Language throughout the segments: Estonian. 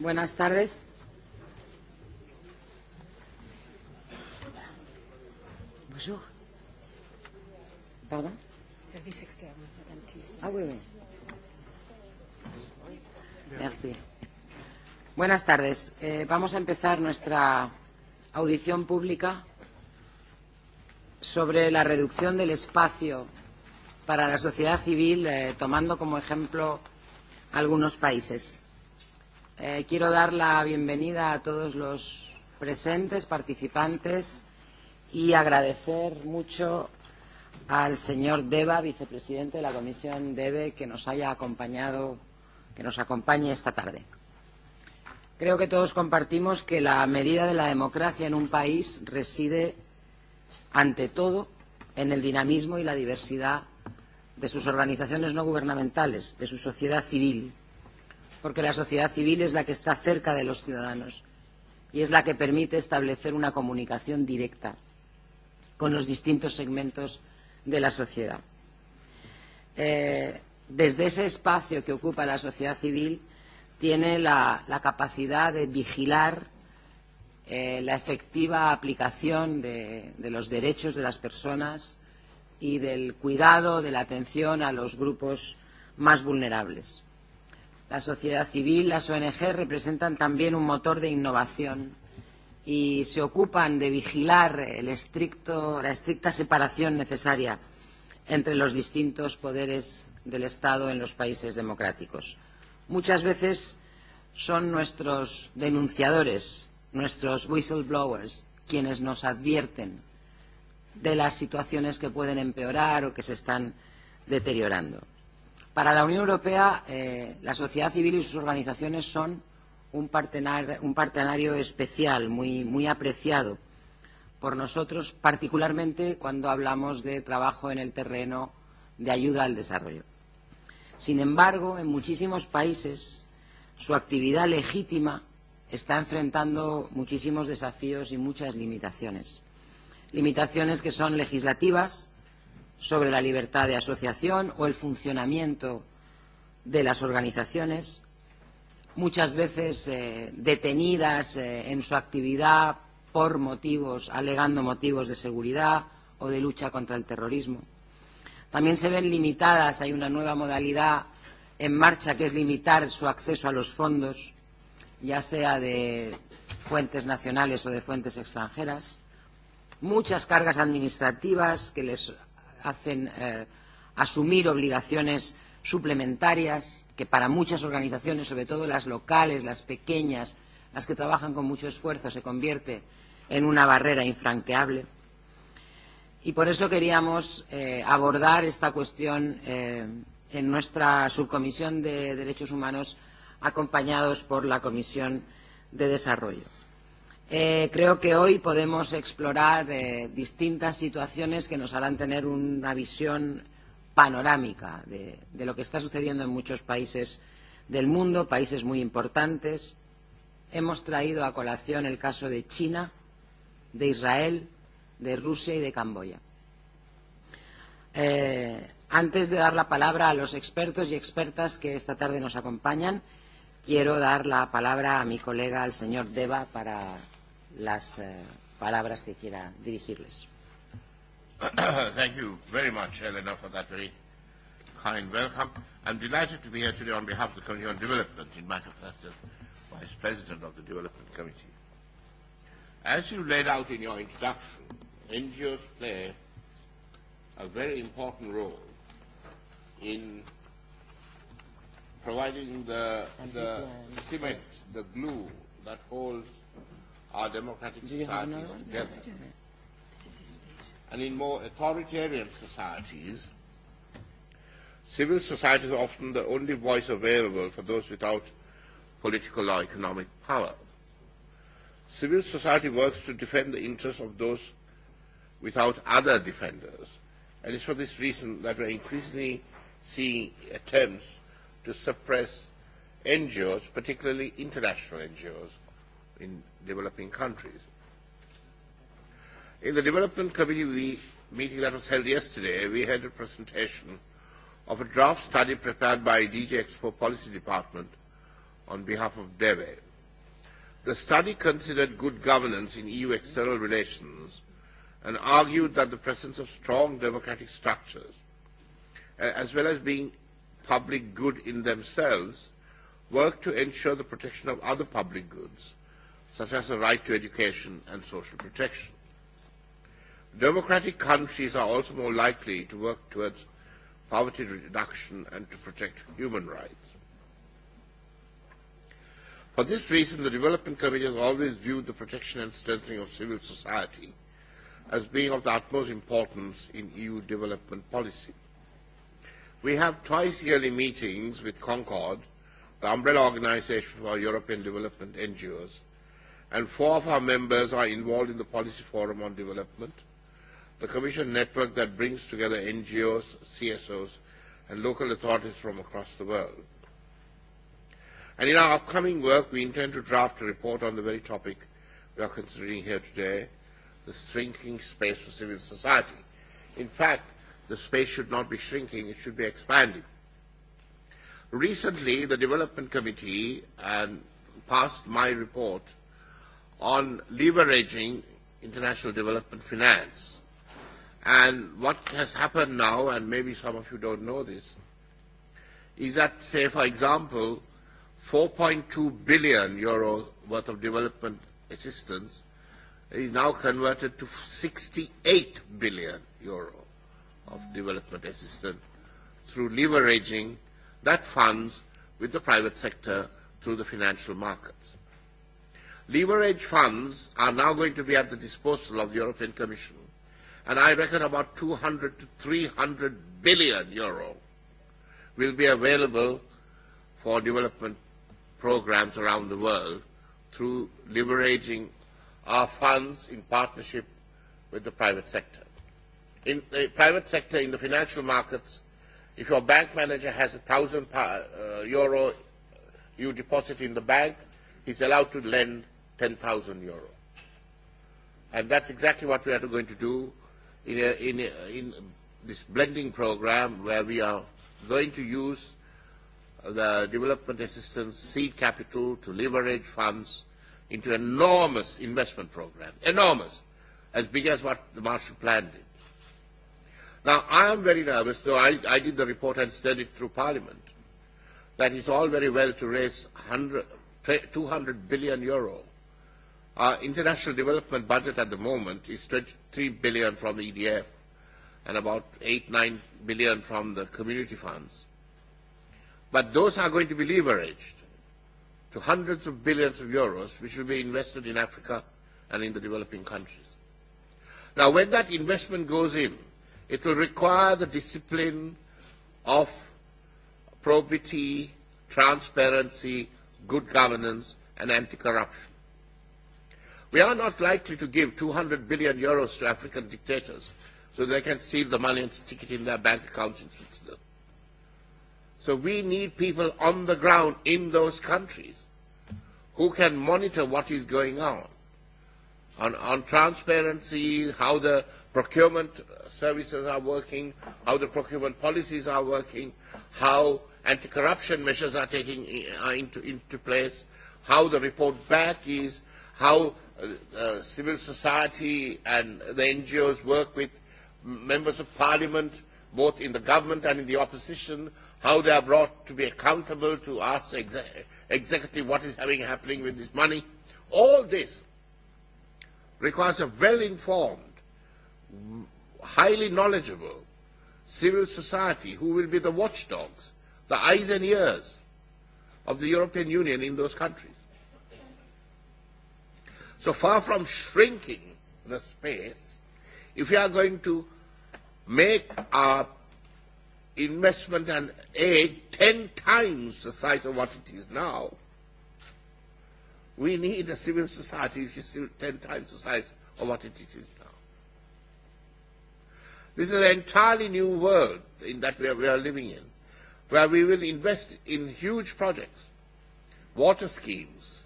Buenas tardes. Bonjour. Pardon Service externe, Madame Thyssen. Ah oui, oui. Merci. Buenas tardes. Eh, vamos a empezar nuestra audición pública sobre la reducción del espacio para la sociedad civil, eh, tomando como ejemplo algunos países. Eh, quiero dar la bienvenida a todos los presentes, participantes y agradecer mucho al señor Deva, vicepresidente de la Comisión DEBE, que nos haya acompañado, que nos acompañe esta tarde. Creo que todos compartimos que la medida de la democracia en un país reside, ante todo, en el dinamismo y la diversidad de sus organizaciones no gubernamentales, de su sociedad civil, porque la sociedad civil es la que está cerca de los ciudadanos y es la que permite establecer una comunicación directa con los distintos segmentos de la sociedad. Eh, desde ese espacio que ocupa la sociedad civil tiene la, la capacidad de vigilar eh, la efectiva aplicación de, de los derechos de las personas y del cuidado, de la atención a los grupos más vulnerables la sociedad civil, las ONG representan también un motor de innovación y se ocupan de vigilar el estricto, la estricta separación necesaria entre los distintos poderes del Estado en los países democráticos. Muchas veces son nuestros denunciadores, nuestros whistleblowers, quienes nos advierten de las situaciones que pueden empeorar o que se están deteriorando. Para la Unión Europea, eh, la sociedad civil y sus organizaciones son un, partenar, un partenario especial, muy, muy apreciado por nosotros, particularmente cuando hablamos de trabajo en el terreno de ayuda al desarrollo. Sin embargo, en muchísimos países su actividad legítima está enfrentando muchísimos desafíos y muchas limitaciones. Limitaciones que son legislativas, sobre la libertad de asociación o el funcionamiento de las organizaciones, muchas veces eh, detenidas eh, en su actividad por motivos, alegando motivos de seguridad o de lucha contra el terrorismo. También se ven limitadas, hay una nueva modalidad en marcha que es limitar su acceso a los fondos, ya sea de fuentes nacionales o de fuentes extranjeras. Muchas cargas administrativas que les hacen eh, asumir obligaciones suplementarias que para muchas organizaciones, sobre todo las locales, las pequeñas, las que trabajan con mucho esfuerzo, se convierte en una barrera infranqueable. Y por eso queríamos eh, abordar esta cuestión eh, en nuestra subcomisión de Derechos Humanos acompañados por la Comisión de Desarrollo. Eh, creo que hoy podemos explorar eh, distintas situaciones que nos harán tener una visión panorámica de, de lo que está sucediendo en muchos países del mundo, países muy importantes. Hemos traído a colación el caso de China, de Israel, de Rusia y de Camboya. Eh, antes de dar la palabra a los expertos y expertas que esta tarde nos acompañan, quiero dar la palabra a mi colega, al señor Deva, para las eh, palabras que quiera dirigirles. Thank you very much, Eleanor, for that very kind welcome. I'm delighted to be here today on behalf of the Committee on Development in my capacity as Vice President of the Development Committee. As you laid out in your introduction, NGOs play a very important role in providing the, the cement, the glue that holds our democratic societies together. And in more authoritarian societies, civil society is often the only voice available for those without political or economic power. Civil society works to defend the interests of those without other defenders. And it's for this reason that we're increasingly seeing attempts to suppress NGOs, particularly international NGOs, in developing countries. In the Development Committee we, meeting that was held yesterday, we had a presentation of a draft study prepared by DG Expo Policy Department on behalf of DEVE. The study considered good governance in EU external relations and argued that the presence of strong democratic structures, as well as being public good in themselves, work to ensure the protection of other public goods such as the right to education and social protection. Democratic countries are also more likely to work towards poverty reduction and to protect human rights. For this reason, the Development Committee has always viewed the protection and strengthening of civil society as being of the utmost importance in EU development policy. We have twice yearly meetings with Concord, the umbrella organization for European development NGOs, and four of our members are involved in the Policy Forum on Development, the Commission network that brings together NGOs, CSOs, and local authorities from across the world. And in our upcoming work, we intend to draft a report on the very topic we are considering here today, the shrinking space for civil society. In fact, the space should not be shrinking, it should be expanding. Recently, the Development Committee and passed my report – on leveraging international development finance. And what has happened now, and maybe some of you don't know this, is that, say, for example, 4.2 billion euro worth of development assistance is now converted to 68 billion euro of development assistance through leveraging that funds with the private sector through the financial markets. Leverage funds are now going to be at the disposal of the European Commission, and I reckon about 200 to 300 billion euro will be available for development programs around the world through leveraging our funds in partnership with the private sector. In the private sector, in the financial markets, if your bank manager has a thousand uh, euro you deposit in the bank, he's allowed to lend 10,000 euro. And that's exactly what we are going to do in, a, in, a, in this blending program where we are going to use the development assistance seed capital to leverage funds into enormous investment program, enormous, as big as what the Marshall Plan did. Now, I am very nervous, though I, I did the report and sent it through Parliament, that it's all very well to raise 100, 200 billion euro Our international development budget at the moment is 23 billion from the EDF and about 8, 9 billion from the community funds. But those are going to be leveraged to hundreds of billions of euros, which will be invested in Africa and in the developing countries. Now, when that investment goes in, it will require the discipline of probity, transparency, good governance, and anti-corruption. We are not likely to give 200 billion euros to African dictators so they can steal the money and stick it in their bank accounts in Switzerland. So we need people on the ground in those countries who can monitor what is going on, on, on transparency, how the procurement services are working, how the procurement policies are working, how anti-corruption measures are taking are uh, into, into place, how the report back is, how uh, civil society and the NGOs work with members of parliament, both in the government and in the opposition, how they are brought to be accountable to ask the exe executive what is having happening with this money. All this requires a well-informed, highly knowledgeable civil society who will be the watchdogs, the eyes and ears of the European Union in those countries. So far from shrinking the space, if you are going to make our investment and aid ten times the size of what it is now, we need a civil society which is ten times the size of what it is now. This is an entirely new world in that we are, we are living in, where we will invest in huge projects, water schemes,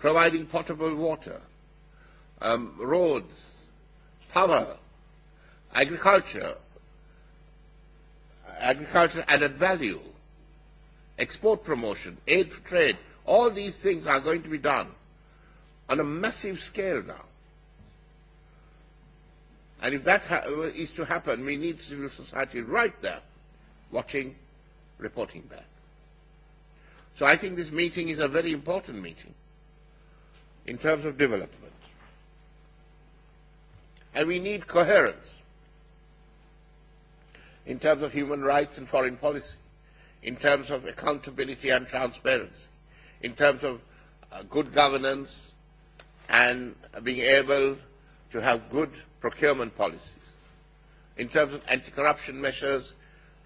providing potable water, um, roads, power, agriculture, agriculture added value, export promotion, aid for trade, all these things are going to be done on a massive scale now. And if that ha- is to happen, we need civil society right there, watching, reporting back. So I think this meeting is a very important meeting in terms of development. And we need coherence in terms of human rights and foreign policy, in terms of accountability and transparency, in terms of uh, good governance and being able to have good procurement policies, in terms of anti-corruption measures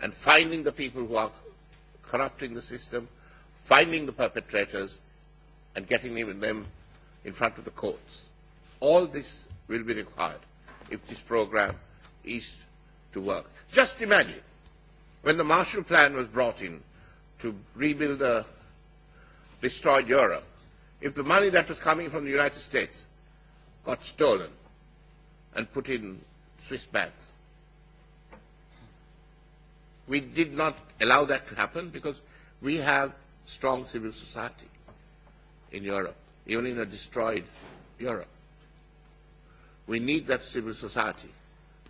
and finding the people who are corrupting the system, finding the perpetrators and getting them in front of the courts. All this will be required if this program is to work. Just imagine when the Marshall Plan was brought in to rebuild a uh, destroyed Europe, if the money that was coming from the United States got stolen and put in Swiss banks. We did not allow that to happen because we have strong civil society in Europe, even in a destroyed Europe. We need that civil society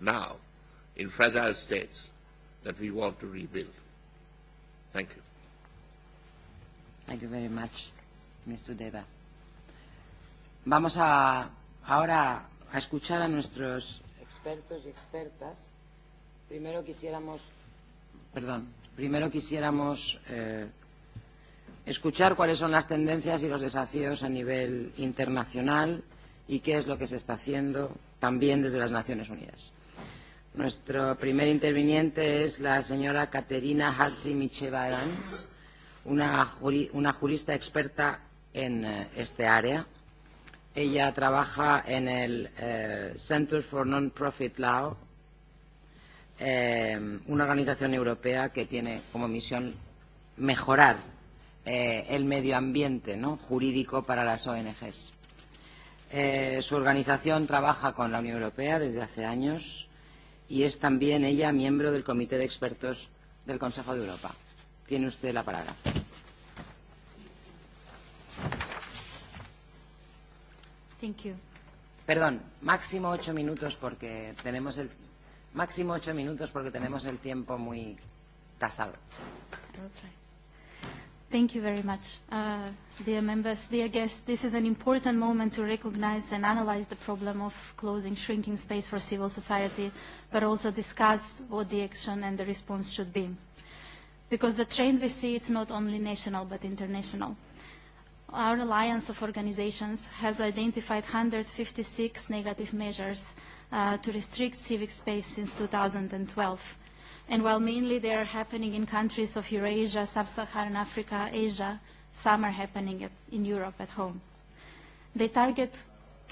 now in fragile states that we want to rebuild. Thank you. Thank you very much, Mr. Deva. Vamos a, ahora a escuchar a nuestros expertos y expertas. Primero quisiéramos, perdón, primero quisiéramos eh, escuchar cuáles son las tendencias y los desafíos a nivel internacional y qué es lo que se está haciendo también desde las Naciones Unidas. Nuestro primer interviniente es la señora Caterina Hatzi-Micheva Evans, una, juri, una jurista experta en eh, este área. Ella trabaja en el eh, Center for Non-Profit Law, eh, una organización europea que tiene como misión mejorar eh, el medio ambiente ¿no? jurídico para las ONGs. Eh, su organización trabaja con la Unión Europea desde hace años y es también ella miembro del Comité de Expertos del Consejo de Europa. Tiene usted la palabra. Thank you. Perdón, máximo ocho minutos porque tenemos el máximo ocho minutos porque tenemos el tiempo muy tasado. Okay. Thank you very much. Uh, dear members, dear guests, this is an important moment to recognize and analyze the problem of closing shrinking space for civil society, but also discuss what the action and the response should be. Because the trend we see, it's not only national, but international. Our alliance of organizations has identified 156 negative measures uh, to restrict civic space since 2012 And while mainly they are happening in countries of Eurasia, Sub-Saharan Africa, Asia, some are happening at, in Europe at home. They target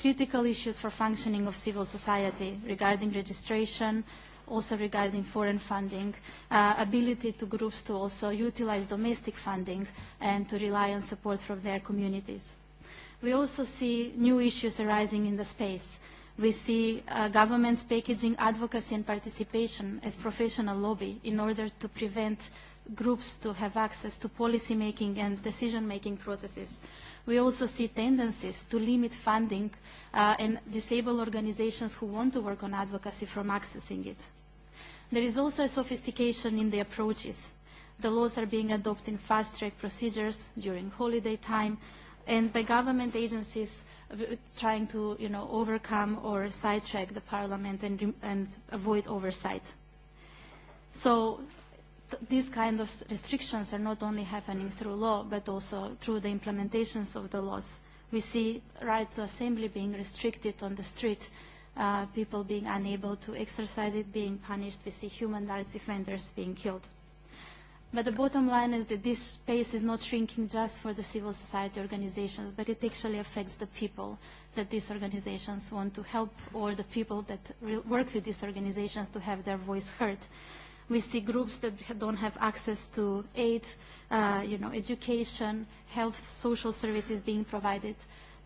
critical issues for functioning of civil society regarding registration, also regarding foreign funding, uh, ability to groups to also utilize domestic funding and to rely on support from their communities. We also see new issues arising in the space. Uh, we see uh, governments packaging advocacy and participation as professional lobby in order to prevent groups to have access to policy making and decision making processes. We also see tendencies to limit funding uh, and disable organizations who want to work on advocacy from accessing it. There is also a sophistication in the approaches. The laws are being adopted in fast-track procedures during holiday time and by government agencies trying to, you know, overcome or sidetrack the parliament and, and avoid oversight. So th these kind of restrictions are not only happening through law, but also through the implementations of the laws. We see right to assembly being restricted on the street, uh, people being unable to exercise it, being punished. We see human rights defenders being killed. Uh, But the bottom line is that this space is not shrinking just for the civil society organizations, but it actually affects the people that these organizations want to help or the people that re work with these organizations to have their voice heard. We see groups that don't have access to aid, uh, you know, education, health, social services being provided.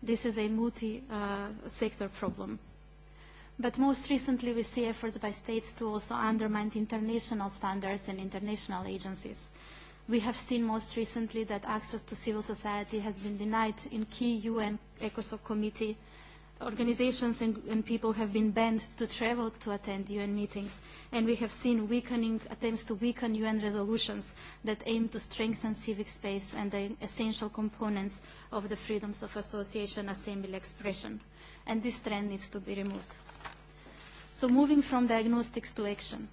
This is a multi-sector uh, problem. But most recently, we see efforts by states to also undermine international standards and international agencies. We have seen most recently that access to civil society has been denied in key UN ECOSOC committee organizations and, and people have been banned to travel to attend UN meetings, and we have seen weakening attempts to weaken UN resolutions that aim to strengthen civic space and the essential components of the freedoms of association, assembly, expression. And this trend needs to be removed. So moving from diagnostics to action.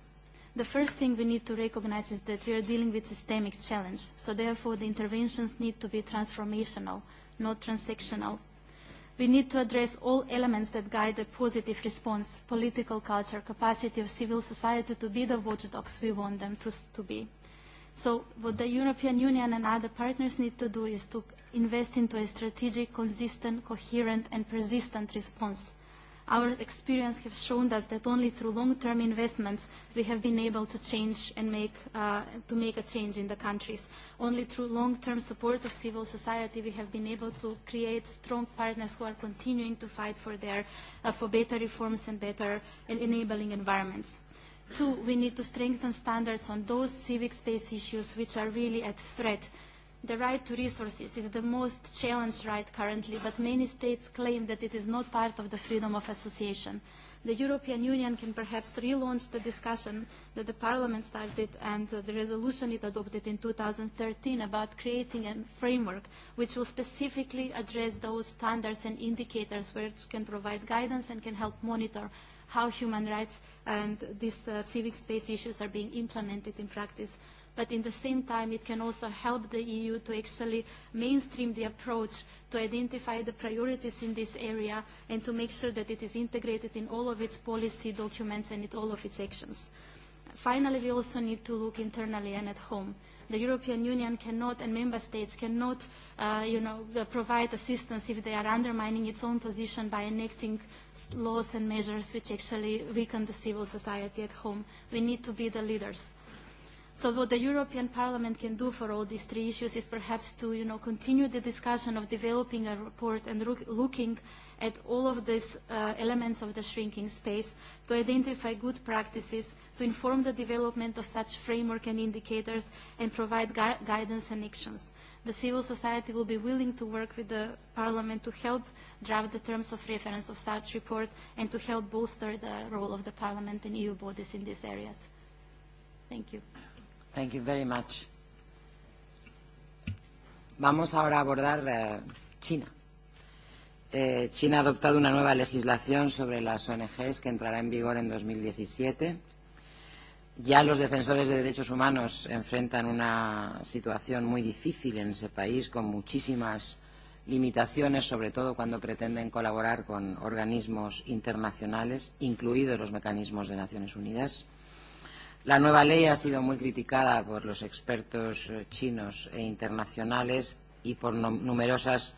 The first thing we need to recognize is that we are dealing with systemic challenge, so therefore the interventions need to be transformational, not transactional. We need to address all elements that guide a positive response, political culture, capacity of civil society to be the watchdogs we want them to, to be. So what the European Union and other partners need to do is to invest into a strategic, consistent, coherent, and persistent response Our experience has shown us that only through long-term investments we have been able to change and make, uh, to make a change in the countries. Only through long-term support of civil society we have been able to create strong partners who are continuing to fight for, their, uh, for better reforms and better and enabling environments. Two, we need to strengthen standards on those civic space issues which are really at threat The right to resources is the most challenged right currently, but many states claim that it is not part of the freedom of association. The European Union can perhaps relaunch the discussion that the Parliament started and uh, the resolution it adopted in 2013 about creating a framework which will specifically address those standards and indicators which can provide guidance and can help monitor how human rights and these uh, civic space issues are being implemented in practice but in the same time it can also help the EU to actually mainstream the approach to identify the priorities in this area and to make sure that it is integrated in all of its policy documents and in all of its actions. Finally, we also need to look internally and at home the European Union cannot and member states cannot uh, you know, uh, provide assistance if they are undermining its own position by enacting laws and measures which actually weaken the civil society at home. We need to be the leaders. So what the European Parliament can do for all these three issues is perhaps to you know, continue the discussion of developing a report and looking at all of these uh, elements of the shrinking space to identify good practices, to inform the development of such framework and indicators, and provide gui guidance and actions. The civil society will be willing to work with the Parliament to help draft the terms of reference of such report and to help bolster the role of the Parliament and EU bodies in these areas. Thank you. Thank you very much. Vamos ahora a abordar eh, China. Eh, China ha adoptado una nueva legislación sobre las ONGs que entrará en vigor en 2017. Ya los defensores de derechos humanos enfrentan una situación muy difícil en ese país, con muchísimas limitaciones, sobre todo cuando pretenden colaborar con organismos internacionales, incluidos los mecanismos de Naciones Unidas. La nueva ley ha sido muy criticada por los expertos eh, chinos e internacionales y por no, numerosas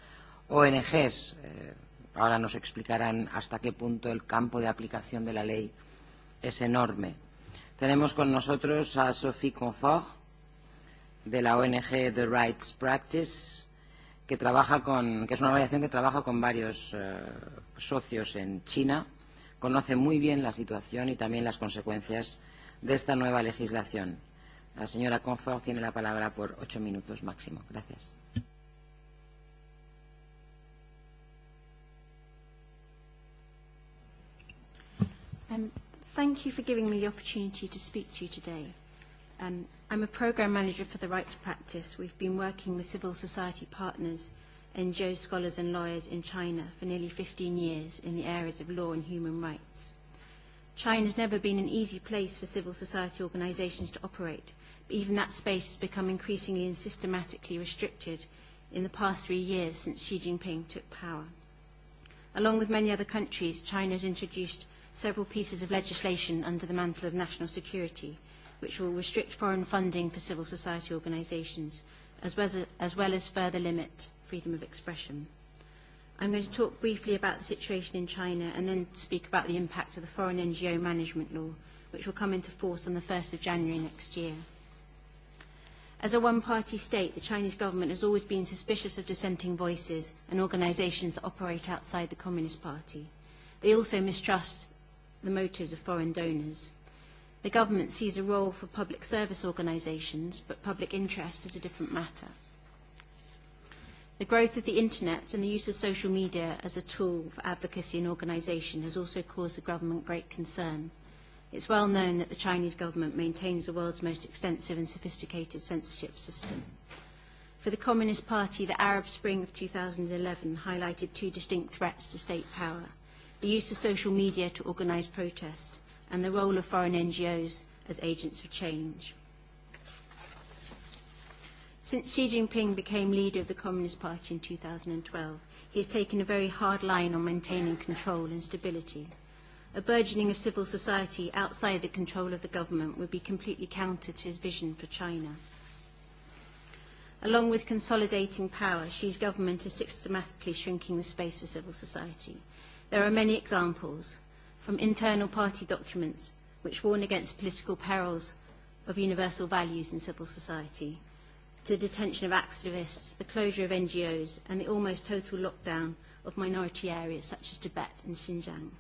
ONGs. Eh, ahora nos explicarán hasta qué punto el campo de aplicación de la ley es enorme. Tenemos con nosotros a Sophie Confort, de la ONG The Rights Practice, que, trabaja con, que es una organización que trabaja con varios eh, socios en China, conoce muy bien la situación y también las consecuencias de esta nueva legislación. La señora Confort tiene la palabra por ocho minutos máximo. Gracias. Um, thank you for giving me the opportunity to speak to you today. Um, I'm a programme manager for the Right to Practice. We've been working with civil society partners, NGO scholars and lawyers in China for nearly 15 years in the areas of law and human rights. China's never been an easy place for civil society organisations to operate, but even that space has become increasingly and systematically restricted in the past three years since Xi Jinping took power. Along with many other countries, China has introduced several pieces of legislation under the mantle of national security, which will restrict foreign funding for civil society organisations, as well as, as well as further limit freedom of expression. I'm going to talk briefly about the situation in China and then speak about the impact of the Foreign NGO Management Law, which will come into force on the 1st of January next year. As a one-party state, the Chinese government has always been suspicious of dissenting voices and organizations that operate outside the Communist Party. They also mistrust the motives of foreign donors. The government sees a role for public service organizations, but public interest is a different matter. The growth of the internet and the use of social media as a tool for advocacy and organisation has also caused the government great concern. It's well known that the Chinese government maintains the world's most extensive and sophisticated censorship system. For the Communist Party, the Arab Spring of 2011 highlighted two distinct threats to state power, the use of social media to organise protest and the role of foreign NGOs as agents of change. Since Xi Jinping became leader of the Communist Party in 2012, he has taken a very hard line on maintaining control and stability. A burgeoning of civil society outside the control of the government would be completely counter to his vision for China. Along with consolidating power, Xi's government is systematically shrinking the space for civil society. There are many examples, from internal party documents which warn against political perils of universal values in civil society, to detention of activists, the closure of NGOs, and the almost total lockdown of minority areas such as Tibet and Xinjiang.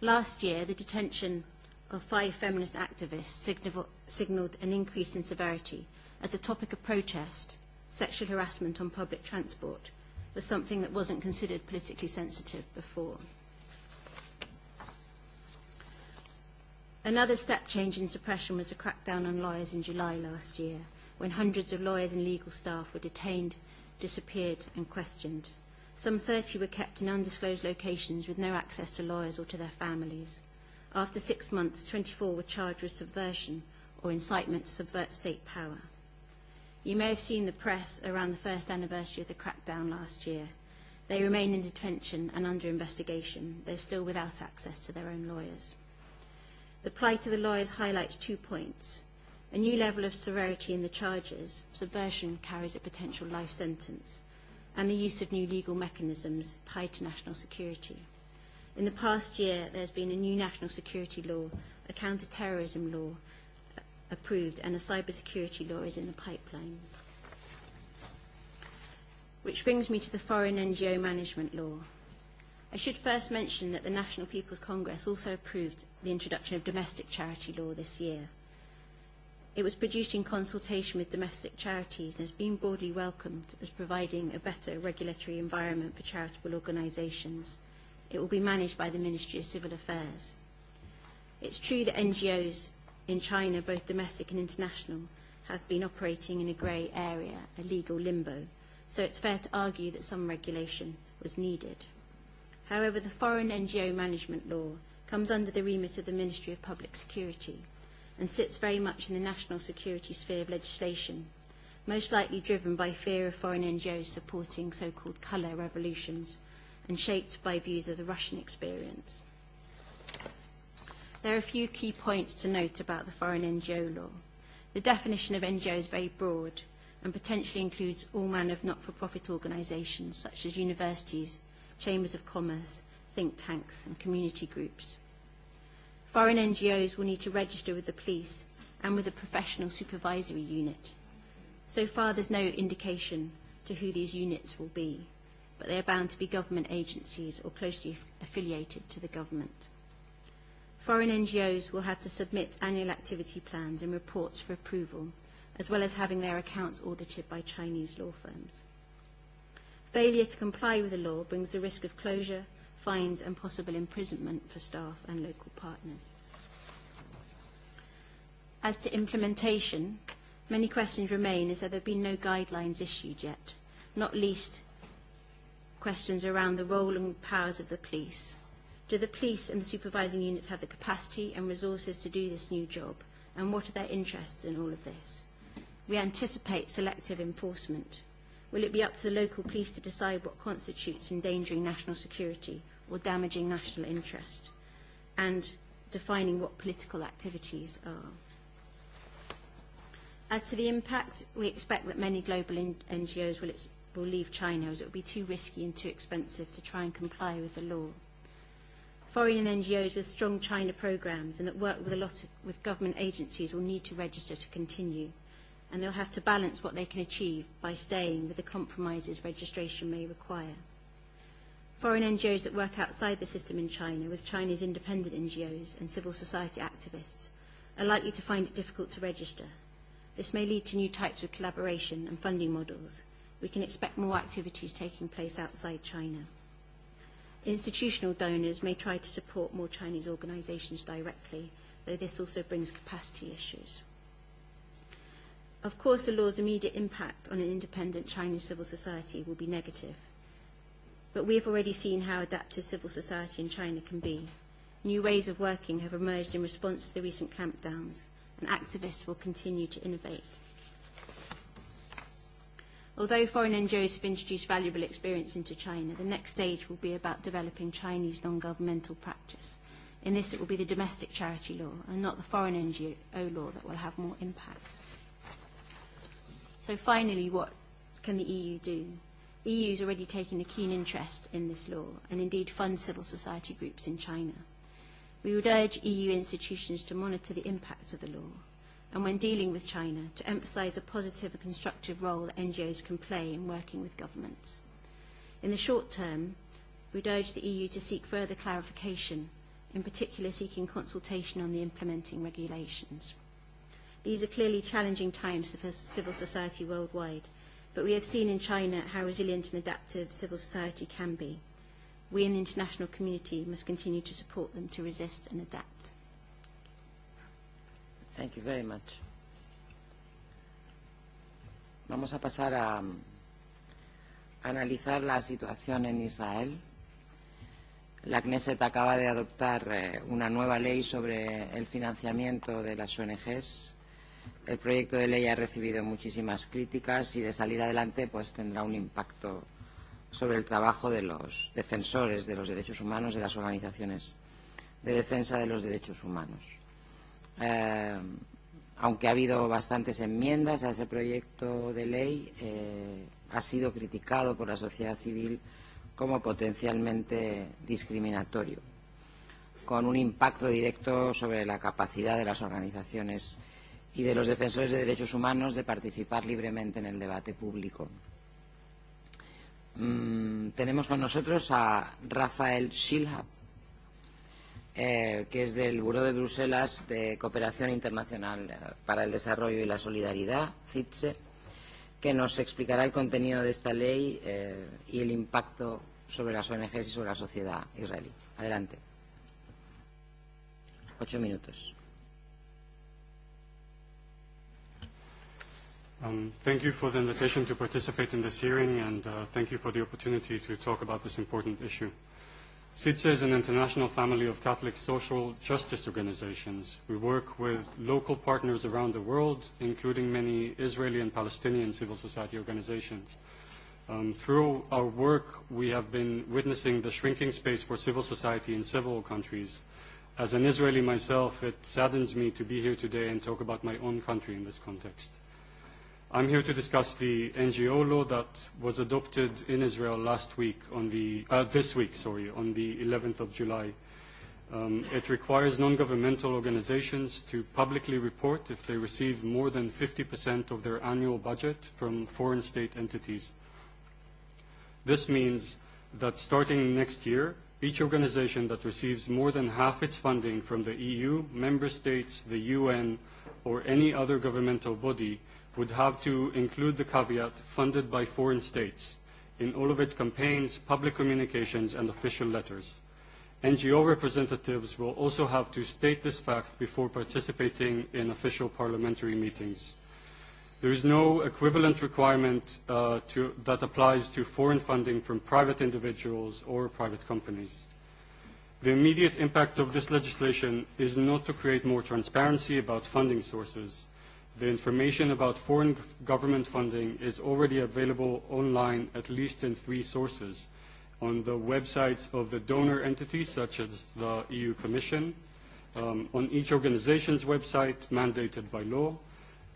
Last year, the detention of five feminist activists signalled an increase in severity as a topic of protest. Sexual harassment on public transport was something that wasn't considered politically sensitive before. Another step change in suppression was a crackdown on lawyers in July last year – when hundreds of lawyers and legal staff were detained, disappeared and questioned. Some 30 were kept in undisclosed locations with no access to lawyers or to their families. After six months, 24 were charged with subversion or incitement to subvert state power. You may have seen the press around the first anniversary of the crackdown last year. They remain in detention and under investigation. They're still without access to their own lawyers. The plight of the lawyers highlights two points. A new level of severity in the charges, subversion carries a potential life sentence, and the use of new legal mechanisms tied to national security. In the past year, there's been a new national security law, a counter-terrorism law uh, approved, and a cybersecurity law is in the pipeline. Which brings me to the Foreign NGO Management Law. I should first mention that the National People's Congress also approved the introduction of domestic charity law this year. It was produced in consultation with domestic charities and has been broadly welcomed as providing a better regulatory environment for charitable organisations. It will be managed by the Ministry of Civil Affairs. It's true that NGOs in China, both domestic and international, have been operating in a grey area, a legal limbo, so it's fair to argue that some regulation was needed. However, the Foreign NGO Management Law comes under the remit of the Ministry of Public Security – and sits very much in the national security sphere of legislation, most likely driven by fear of foreign NGOs supporting so-called colour revolutions and shaped by views of the Russian experience. There are a few key points to note about the foreign NGO law. The definition of NGO is very broad and potentially includes all manner of not-for-profit organisations such as universities, chambers of commerce, think tanks and community groups. Foreign NGOs will need to register with the police and with a professional supervisory unit. So far, there's no indication to who these units will be, but they are bound to be government agencies or closely aff- affiliated to the government. Foreign NGOs will have to submit annual activity plans and reports for approval, as well as having their accounts audited by Chinese law firms. Failure to comply with the law brings the risk of closure, fines and possible imprisonment for staff and local partners. As to implementation, many questions remain as there have been no guidelines issued yet, not least questions around the role and powers of the police. Do the police and the supervising units have the capacity and resources to do this new job? And what are their interests in all of this? We anticipate selective enforcement. Will it be up to the local police to decide what constitutes endangering national security or damaging national interest, and defining what political activities are. As to the impact, we expect that many global in- NGOs will, ex- will leave China as it will be too risky and too expensive to try and comply with the law. Foreign NGOs with strong China programs and that work with a lot of, with government agencies will need to register to continue, and they'll have to balance what they can achieve by staying with the compromises registration may require foreign NGOs that work outside the system in China with Chinese independent NGOs and civil society activists are likely to find it difficult to register. This may lead to new types of collaboration and funding models. We can expect more activities taking place outside China. Institutional donors may try to support more Chinese organisations directly, though this also brings capacity issues. Of course, the law's immediate impact on an independent Chinese civil society will be negative, But we have already seen how adaptive civil society in China can be. New ways of working have emerged in response to the recent clampdowns, and activists will continue to innovate. Although foreign NGOs have introduced valuable experience into China, the next stage will be about developing Chinese non-governmental practice. In this, it will be the domestic charity law and not the foreign NGO law that will have more impact. So finally, what can the EU do? EU is already taking a keen interest in this law and indeed funds civil society groups in China. We would urge EU institutions to monitor the impact of the law and when dealing with China to emphasise a positive and constructive role that NGOs can play in working with governments. In the short term, we'd urge the EU to seek further clarification, in particular seeking consultation on the implementing regulations. These are clearly challenging times for civil society worldwide, but we have seen in China how resilient and adaptive civil society can be. We in the international community must continue to support them to resist and adapt. Thank you very much. Vamos a pasar a, a um, analizar la situación en Israel. La Knesset acaba de adoptar eh, una nueva ley sobre el financiamiento de las ONGs el proyecto de ley ha recibido muchísimas críticas y de salir adelante pues tendrá un impacto sobre el trabajo de los defensores de los derechos humanos de las organizaciones de defensa de los derechos humanos. Eh, aunque ha habido bastantes enmiendas a ese proyecto de ley, eh, ha sido criticado por la sociedad civil como potencialmente discriminatorio, con un impacto directo sobre la capacidad de las organizaciones y de los defensores de derechos humanos de participar libremente en el debate público. Mm, tenemos con nosotros a Rafael Shilhab, eh, que es del Buró de Bruselas de Cooperación Internacional para el Desarrollo y la Solidaridad, CITSE, que nos explicará el contenido de esta ley eh, y el impacto sobre las ONGs y sobre la sociedad israelí. Adelante. Ocho minutos. Um, thank you for the invitation to participate in this hearing, and uh, thank you for the opportunity to talk about this important issue. SITSE is an international family of Catholic social justice organizations. We work with local partners around the world, including many Israeli and Palestinian civil society organizations. Um, through our work, we have been witnessing the shrinking space for civil society in several countries. As an Israeli myself, it saddens me to be here today and talk about my own country in this context. I'm here to discuss the NGO law that was adopted in Israel last week on the, uh, this week, sorry, on the 11th of July. Um, it requires non-governmental organizations to publicly report if they receive more than 50% of their annual budget from foreign state entities. This means that starting next year, each organization that receives more than half its funding from the EU, member states, the UN, or any other governmental body – would have to include the caveat funded by foreign states in all of its campaigns, public communications, and official letters. NGO representatives will also have to state this fact before participating in official parliamentary meetings. There is no equivalent requirement uh, to, that applies to foreign funding from private individuals or private companies. The immediate impact of this legislation is not to create more transparency about funding sources, The information about foreign government funding is already available online, at least in three sources, on the websites of the donor entities, such as the EU Commission, um, on each organization's website mandated by law,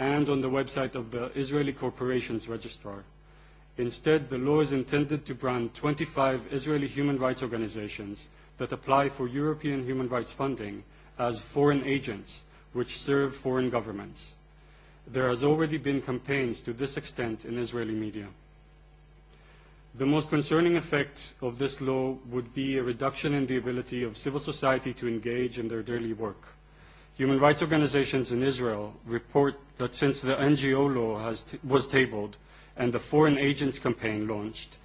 and on the website of the Israeli Corporations Registrar. Instead, the law is intended to brand 25 Israeli human rights organizations that apply for European human rights funding as foreign agents, which serve foreign governments there has already been campaigns to this extent in Israeli media. The most concerning effect of this law would be a reduction in the ability of civil society to engage in their daily work. Human rights organizations in Israel report that since the NGO law has t- was tabled and the Foreign Agents Campaign launched,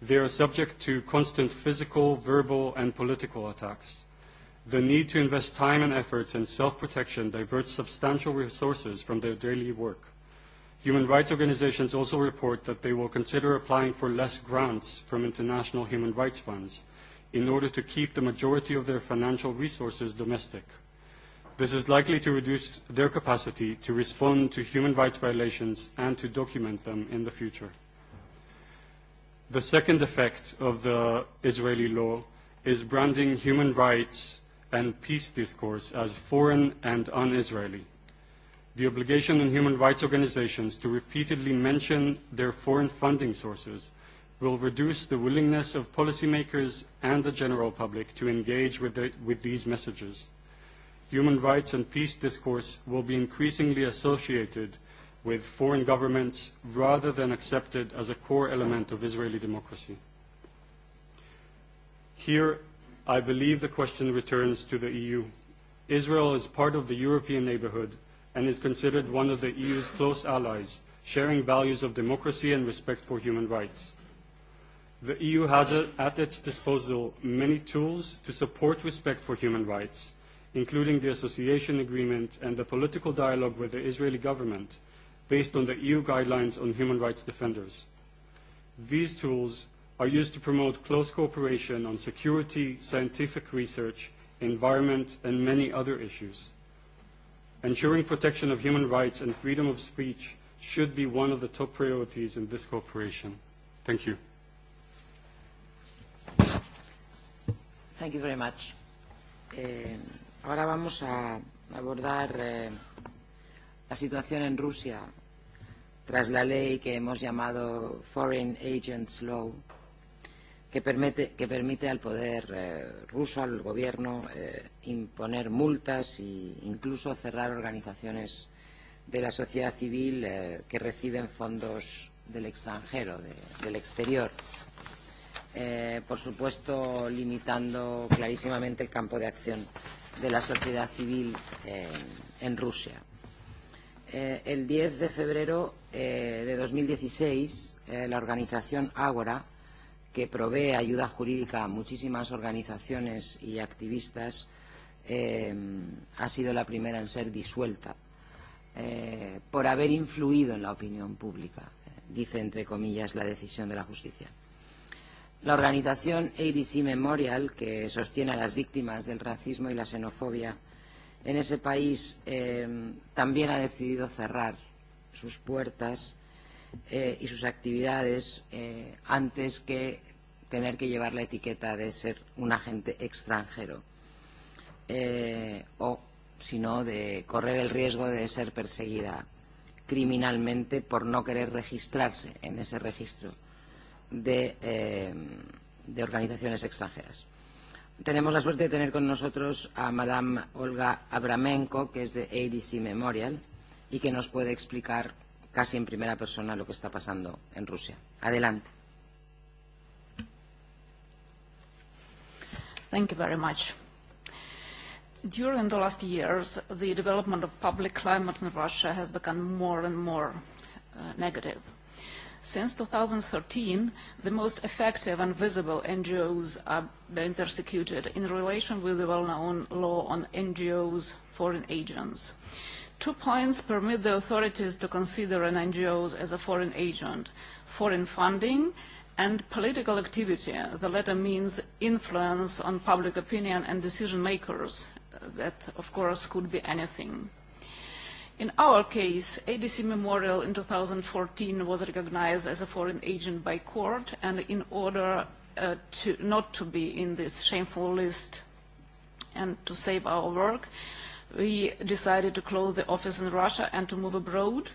they are subject to constant physical, verbal, and political attacks. The need to invest time and efforts in self-protection diverts substantial resources from their daily work. Human rights organizations also report that they will consider applying for less grants from international human rights funds in order to keep the majority of their financial resources domestic. This is likely to reduce their capacity to respond to human rights violations and to document them in the future. The second effect of the Israeli law is branding human rights and peace discourse as foreign and un-Israeli. The obligation on human rights organizations to repeatedly mention their foreign funding sources will reduce the willingness of policymakers and the general public to engage with, the, with these messages. Human rights and peace discourse will be increasingly associated with foreign governments rather than accepted as a core element of Israeli democracy. Here, I believe the question returns to the EU. Israel is part of the European neighborhood and is considered one of the EU's close allies, sharing values of democracy and respect for human rights. The EU has at its disposal many tools to support respect for human rights, including the association agreement and the political dialogue with the Israeli government based on the EU guidelines on human rights defenders. These tools are used to promote close cooperation on security, scientific research, environment, and many other issues. Ensuring protection of human rights and freedom of speech should be one of the top priorities in this cooperation. Thank you. Thank you very much. Eh, ahora vamos a abordar eh, la situación en Rusia tras la ley que hemos llamado Foreign Agents Law que permite, que permite al poder eh, ruso, al gobierno, eh, imponer multas e incluso cerrar organizaciones de la sociedad civil eh, que reciben fondos del extranjero, de, del exterior. Eh, por supuesto, limitando clarísimamente el campo de acción de la sociedad civil eh, en Rusia. Eh, el 10 de febrero eh, de 2016, eh, la organización Ágora que provee ayuda jurídica a muchísimas organizaciones y activistas, eh, ha sido la primera en ser disuelta eh, por haber influido en la opinión pública, eh, dice entre comillas la decisión de la justicia. La organización ABC Memorial, que sostiene a las víctimas del racismo y la xenofobia en ese país, eh, también ha decidido cerrar sus puertas eh, y sus actividades eh, antes que tener que llevar la etiqueta de ser un agente extranjero eh, o, si no, de correr el riesgo de ser perseguida criminalmente por no querer registrarse en ese registro de, eh, de organizaciones extranjeras. Tenemos la suerte de tener con nosotros a Madame Olga Abramenko, que es de ADC Memorial, y que nos puede explicar casi en primera persona lo que está pasando en Rusia. Adelante. Thank you very much. During the last years, the development of public climate in Russia has become more and more uh, negative. Since 2013, the most effective and visible NGOs are being persecuted in relation with the well-known law on NGOs foreign agents. Two points permit the authorities to consider an NGO as a foreign agent, foreign funding and political activity, the latter means influence on public opinion and decision makers. That, of course, could be anything. In our case, ADC Memorial in 2014 was recognized as a foreign agent by court, and in order uh, to not to be in this shameful list and to save our work, we decided to close the office in Russia and to move abroad. Uh,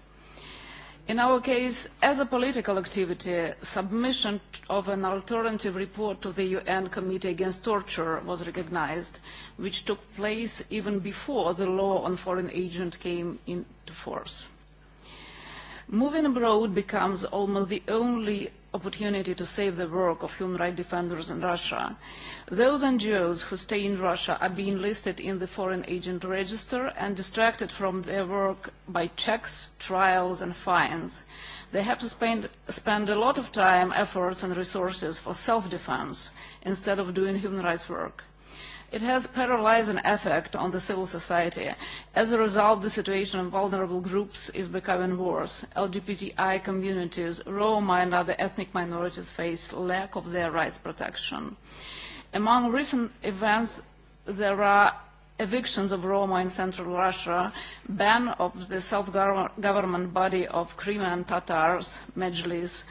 In our case, as a political activity, submission of an alternative report to the UN Committee Against Torture was recognized, which took place even before the law on foreign agent came into force. Moving abroad becomes almost the only opportunity to save the work of human rights defenders in Russia. Those NGOs who stay in Russia are being listed in the Foreign Agent Register and distracted from their work by checks, trials and fines. They have to spend, spend a lot of time, efforts and resources for self-defense instead of doing human rights work. It has paralyzing effect on the civil society. As a result, the situation of vulnerable groups is becoming worse. LGBTI communities, Roma and other ethnic minorities face lack of their rights protection. Among recent events, there are evictions of Roma in central Russia, ban of the self-government body of Crimean Tatars, Majlis,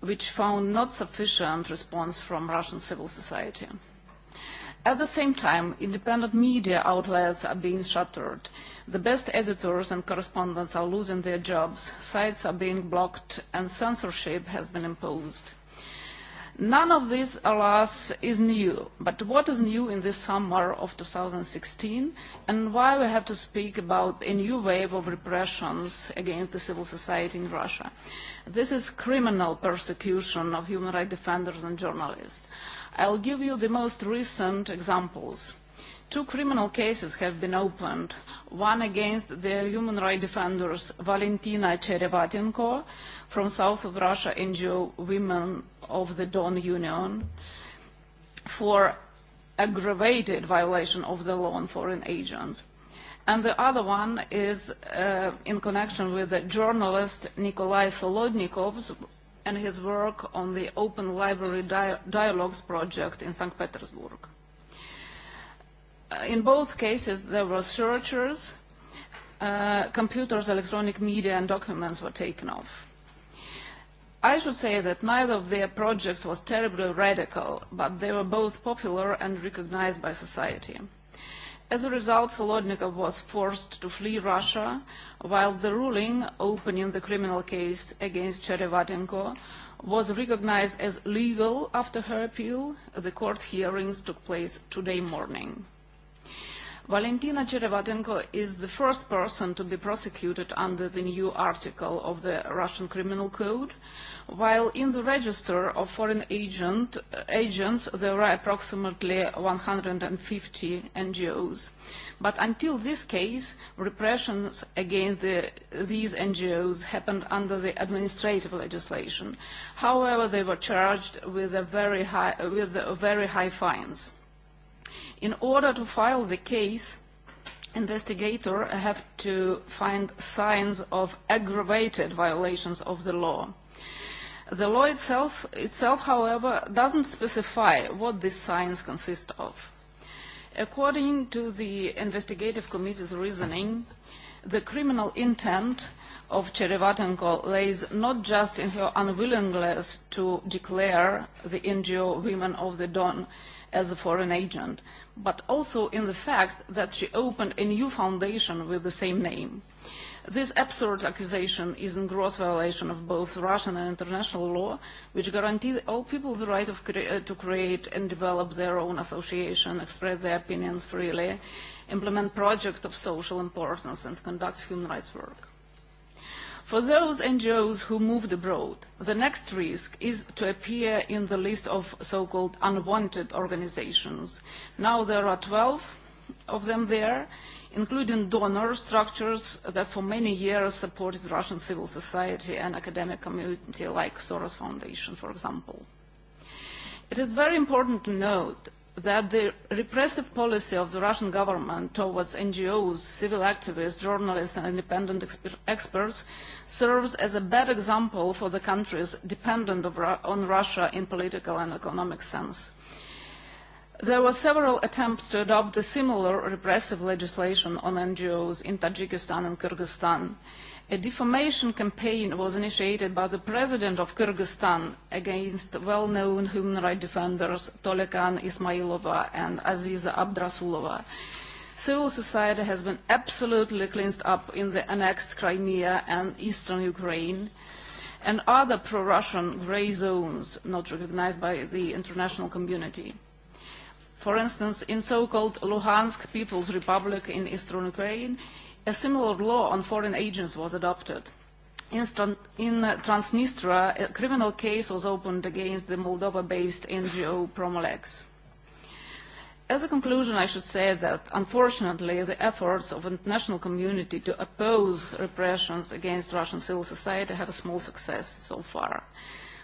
which found not sufficient response from Russian civil society. At the same time, independent media outlets are being shuttered. The best editors and correspondents are losing their jobs, sites are being blocked, and censorship has been imposed. None of this, alas, is new. But what is new in this summer of 2016, and why we have to speak about a new wave of repressions against the civil society in Russia? This is criminal persecution of human rights defenders and journalists. Uh, I'll give you the most recent examples. Two criminal cases have been opened, one against the human rights defenders Valentina Cherevatenko from south of Russia NGO Women of the Don Union for aggravated violation of the law on foreign agents. And the other one is uh, in connection with the journalist Nikolai Solodnikov's and his work on the Open Library Di Dialogues project in St. Petersburg. Uh, in both cases, there were searchers, uh, computers, electronic media, and documents were taken off. I should say that neither of their projects was terribly radical, but they were both popular and recognized by society. As a result, Solodnikov was forced to flee Russia, while the ruling opening the criminal case against Cherevatenko was recognized as legal after her appeal. The court hearings took place today morning. Valentina Cherevatenko is the first person to be prosecuted under the new article of the Russian Criminal Code, while in the register of foreign agent, agents there are approximately 150 NGOs. But until this case, repressions against the, these NGOs happened under the administrative legislation. However, they were charged with, a very, high, with a very high fines. In order to file the case, investigator have to find signs of aggravated violations of the law. The law itself, itself however, doesn't specify what these signs consist of. According to the investigative committee's reasoning, the criminal intent of Cherevatenko lays not just in her unwillingness to declare the NGO Women of the Don as a foreign agent, but also in the fact that she opened a new foundation with the same name. This absurd accusation is in gross violation of both Russian and international law, which guarantee all people the right of cre- uh, to create and develop their own association, express their opinions freely, implement projects of social importance, and conduct human rights work. For those NGOs who moved abroad, the next risk is to appear in the list of so-called unwanted organizations. Now there are 12 of them there, including donor structures that for many years supported Russian civil society and academic community like Soros Foundation, for example. It is very important to note that the repressive policy of the Russian government towards NGOs, civil activists, journalists and independent exper experts serves as a bad example for the countries dependent of, on Russia in political and economic sense. There were several attempts to adopt the similar repressive legislation on NGOs in Tajikistan and Kyrgyzstan. Uh, A defamation campaign was initiated by the president of Kyrgyzstan against well-known human rights defenders Tolekan Ismailova and Aziza Abdrasulova. Civil society has been absolutely cleansed up in the annexed Crimea and eastern Ukraine and other pro-Russian grey zones not recognized by the international community. For instance, in so-called Luhansk People's Republic in eastern Ukraine, A similar law on foreign agents was adopted. In, in Transnistria, a criminal case was opened against the Moldova-based NGO Promolex. As a conclusion, I should say that unfortunately the efforts of the international community to oppose repressions against Russian civil society have a small success so far.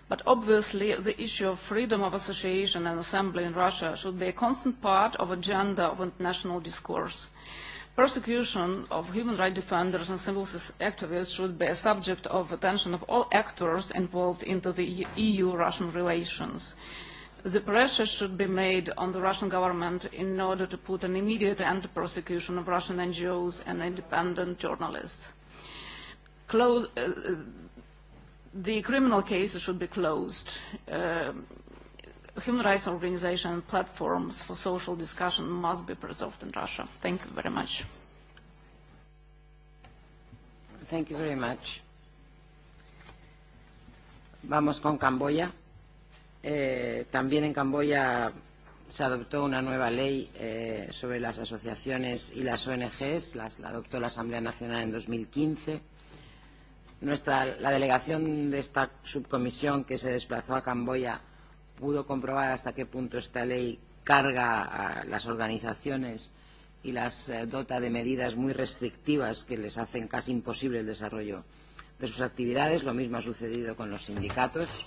But obviously the issue of freedom of association and assembly in Russia should be a constant part of agenda of international discourse Persecution of human rights defenders and civil activists should be a subject of attention of all actors involved into the EU-Russian e relations. The pressure should be made on the Russian government in order to put an immediate end to persecution of Russian NGOs and independent journalists. Close, uh, uh, the criminal cases should be closed. Uh, um, human rights organizations and platforms for social discussion must be preserved in Russia. Thank you very much. Thank you very much. Vamos con Camboya. Eh, también en Camboya se adoptó una nueva ley eh, sobre las asociaciones y las ONGs. Las, la adoptó la Asamblea Nacional en 2015. Nuestra, la delegación de esta subcomisión que se desplazó a Camboya pudo comprobar hasta qué punto esta ley carga a las organizaciones y las eh, dota de medidas muy restrictivas que les hacen casi imposible el desarrollo de sus actividades. Lo mismo ha sucedido con los sindicatos.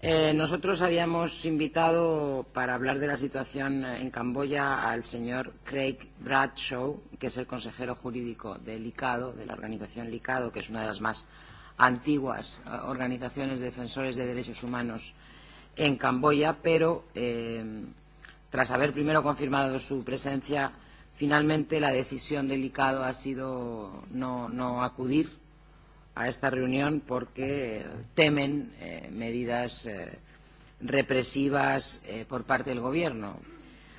Eh, nosotros habíamos invitado para hablar de la situación en Camboya al señor Craig Bradshaw, que es el consejero jurídico del ICADO, de la organización LICADO, que es una de las más antiguas eh, organizaciones de defensores de derechos humanos eh, en Camboya, pero eh, tras haber primero confirmado su presencia, finalmente la decisión del ICAO ha sido no, no acudir a esta reunión porque eh, temen eh, medidas eh, represivas eh, por parte del Gobierno.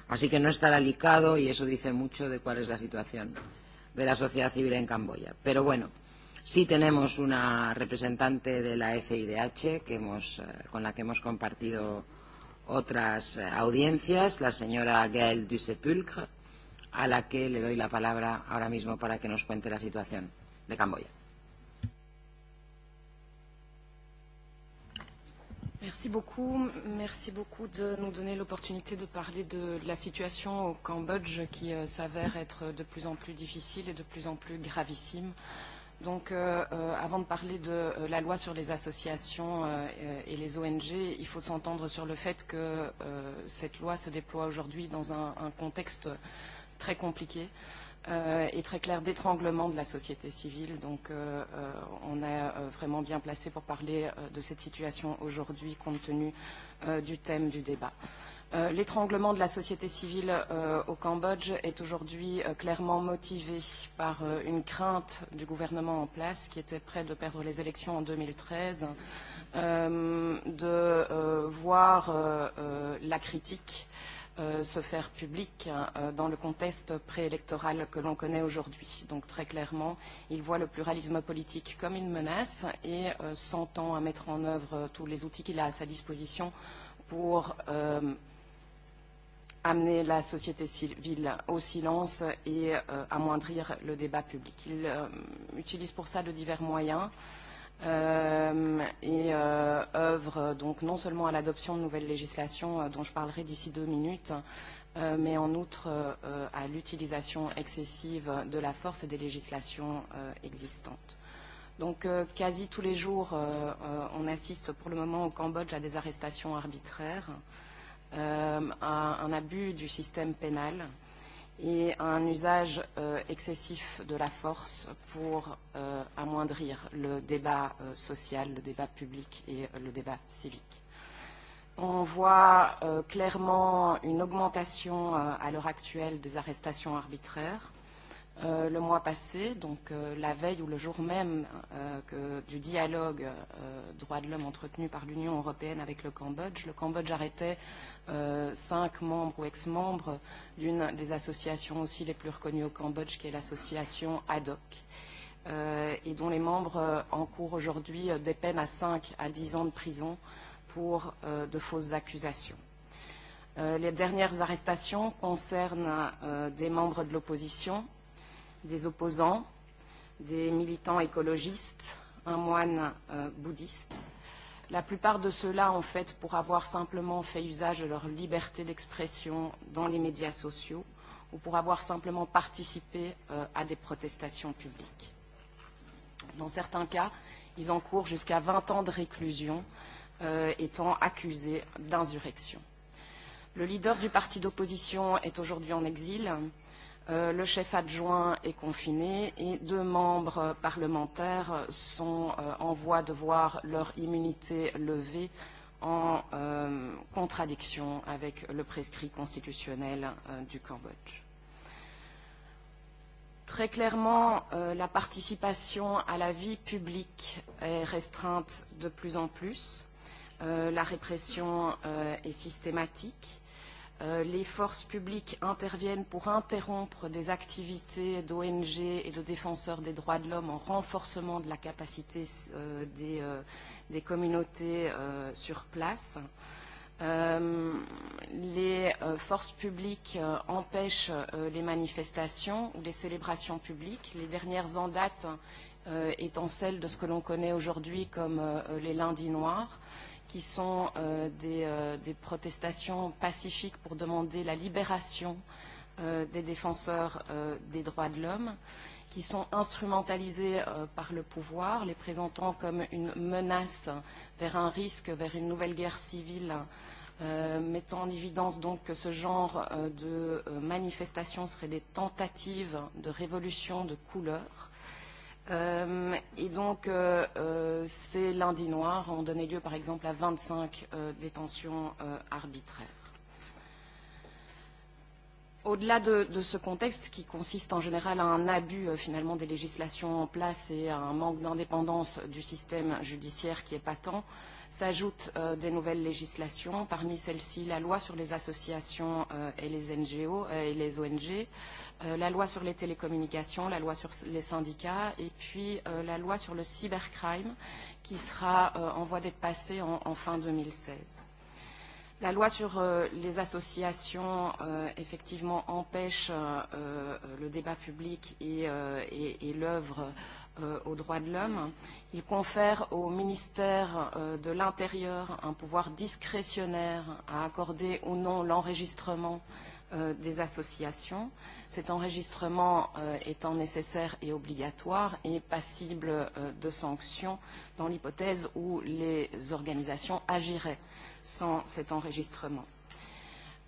Así que no estará licado y eso dice mucho de cuál es la situación de la sociedad civil en Camboya. Pero bueno, eh, Sí tenemos una representante de la FIDH que hemos, eh, con la que hemos compartido otras eh, audiencias, la señora Gaëlle du Sepulcre, a la que le doy la palabra ahora mismo para que nos cuente la situación de Camboya. Merci beaucoup. Merci beaucoup de nous donner l'opportunité de parler de la situation au Cambodge qui euh, s'avère être de plus en plus difficile et de plus en plus gravissime. Euh, Donc, euh, euh, avant de parler de euh, la loi sur les associations euh, euh et les ONG, il faut s'entendre sur le fait que euh, cette loi se déploie aujourd'hui dans un, un contexte très compliqué euh, et très clair d'étranglement de la société civile. Donc, euh, euh, on est euh, vraiment bien placé pour parler euh, de cette situation aujourd'hui compte tenu euh, du thème du débat. Euh, Euh, L'étranglement de la société civile euh, au Cambodge est aujourd'hui euh, clairement motivé par euh, une crainte du gouvernement en place qui était prêt de perdre les élections en 2013, euh, de euh, voir euh, euh, la critique euh, se faire publique euh, dans le contexte préélectoral que l'on connaît aujourd'hui. Donc très clairement, il voit le pluralisme politique comme une menace et euh, s'entend à mettre en œuvre euh, tous les outils qu'il a à sa disposition pour euh, amener la société civile au silence et euh, amoindrir le débat public. Il euh, utilise pour ça de divers moyens euh, et euh, œuvre donc non seulement à l'adoption de nouvelles législations euh, dont je parlerai d'ici deux minutes, euh, mais en outre euh, à l'utilisation excessive de la force et des législations euh, existantes. Donc euh, quasi tous les jours, euh, euh, on assiste pour le moment au Cambodge à des arrestations arbitraires. Euh, euh, un, un abus du système pénal et un usage euh, excessif de la force pour euh, amoindrir le débat euh, social, le débat public et euh, le débat civique. On voit euh, clairement une augmentation euh, à l'heure actuelle des arrestations arbitraires euh, le mois passé, donc euh, la veille ou le jour même euh, que, du dialogue euh, droits de l'homme entretenu par l'Union européenne avec le Cambodge. Le Cambodge arrêtait euh, cinq membres ou ex-membres d'une des associations aussi les plus reconnues au Cambodge, qui est l'association ADOC. Euh, et dont les membres euh, encourent aujourd'hui euh, des peines à 5 à 10 ans de prison pour euh, de fausses accusations euh, les dernières arrestations concernent euh, des membres de l'opposition des opposants, des militants écologistes, un moine euh, bouddhiste. La plupart de ceux-là, en fait, pour avoir simplement fait usage de leur liberté d'expression dans les médias sociaux ou pour avoir simplement participé euh, à des protestations publiques. Dans certains cas, ils encourent jusqu'à 20 ans de réclusion, euh, étant accusés d'insurrection. Le leader du parti d'opposition est aujourd'hui en exil. Euh, euh, le chef adjoint est confiné et deux membres parlementaires sont euh, en voie de voir leur immunité levée en euh, contradiction avec le prescrit constitutionnel euh, du Cambodge. Très clairement, euh, la participation à la vie publique est restreinte de plus en plus. Euh, la répression euh, est systématique Euh, les forces publiques interviennent pour interrompre des activités d'ONG et de défenseurs des droits de l'homme en renforcement de la capacité euh, des, euh, des communautés euh, sur place. Euh, les euh, forces publiques euh, empêchent euh, les manifestations ou les célébrations publiques. Les dernières en date euh, étant celles de ce que l'on connaît aujourd'hui comme euh, les lundis noirs qui sont euh, des, euh, des protestations pacifiques pour demander la libération euh, des défenseurs euh, des droits de l'homme, qui sont instrumentalisées euh, par le pouvoir, les présentant comme une menace vers un risque, vers une nouvelle guerre civile, euh, mettant en évidence donc que ce genre euh, de euh, manifestations seraient des tentatives de révolution de couleur Euh, et donc, euh, euh, ces lundis noirs ont donné lieu, par exemple, à 25 euh, détentions euh, arbitraires. Au-delà de, de ce contexte qui consiste en général à un abus euh, finalement des législations en place et à un manque d'indépendance du système judiciaire qui est patent, euh, S'ajoutent euh, des nouvelles législations, parmi celles-ci la loi sur les associations euh, et les NGO euh, et les ONG, euh, la loi sur les télécommunications, la loi sur les syndicats et puis euh, la loi sur le cybercrime qui sera euh, en voie d'être passée en, en fin 2016. La loi sur euh, les associations, euh, effectivement, empêche euh, euh le débat public et, euh, et, et l'œuvre euh, euh, aux droits de l'homme. Il confère au ministère euh, de l'Intérieur un pouvoir discrétionnaire à accorder ou non l'enregistrement euh, des associations. Cet enregistrement euh, étant nécessaire et obligatoire et passible euh, de sanctions dans l'hypothèse où les organisations agiraient sans cet enregistrement.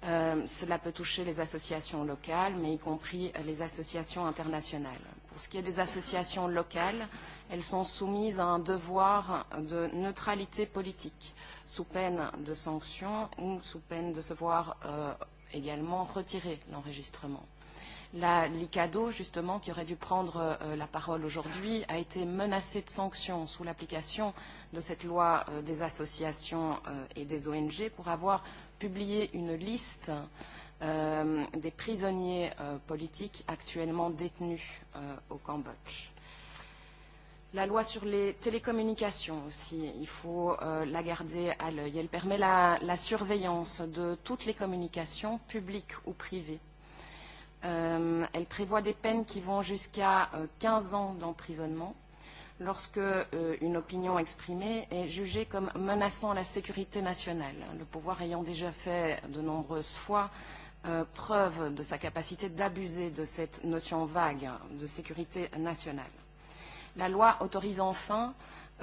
Euh, cela peut toucher les associations locales, mais y compris les associations internationales. Pour ce qui est des associations locales, elles sont soumises à un devoir de neutralité politique, sous peine de sanctions ou sous peine de se voir euh, également retirer l'enregistrement. La Licado, justement, qui aurait dû prendre euh, la parole aujourd'hui, a été menacée de sanctions sous l'application de cette loi euh, des associations euh, et des ONG pour avoir publié une liste euh, euh, des prisonniers euh, politiques actuellement détenus euh, au Cambodge. La loi sur les télécommunications aussi, il faut euh, la garder à l'œil. Elle permet la, la surveillance de toutes les communications, publiques ou privées. Euh, elle prévoit des peines qui vont jusqu'à euh, 15 ans d'emprisonnement lorsque euh, une opinion exprimée est jugée comme menaçant la sécurité nationale, le pouvoir ayant déjà fait de nombreuses fois euh, preuve de sa capacité d'abuser de cette notion vague de sécurité nationale. La loi autorise enfin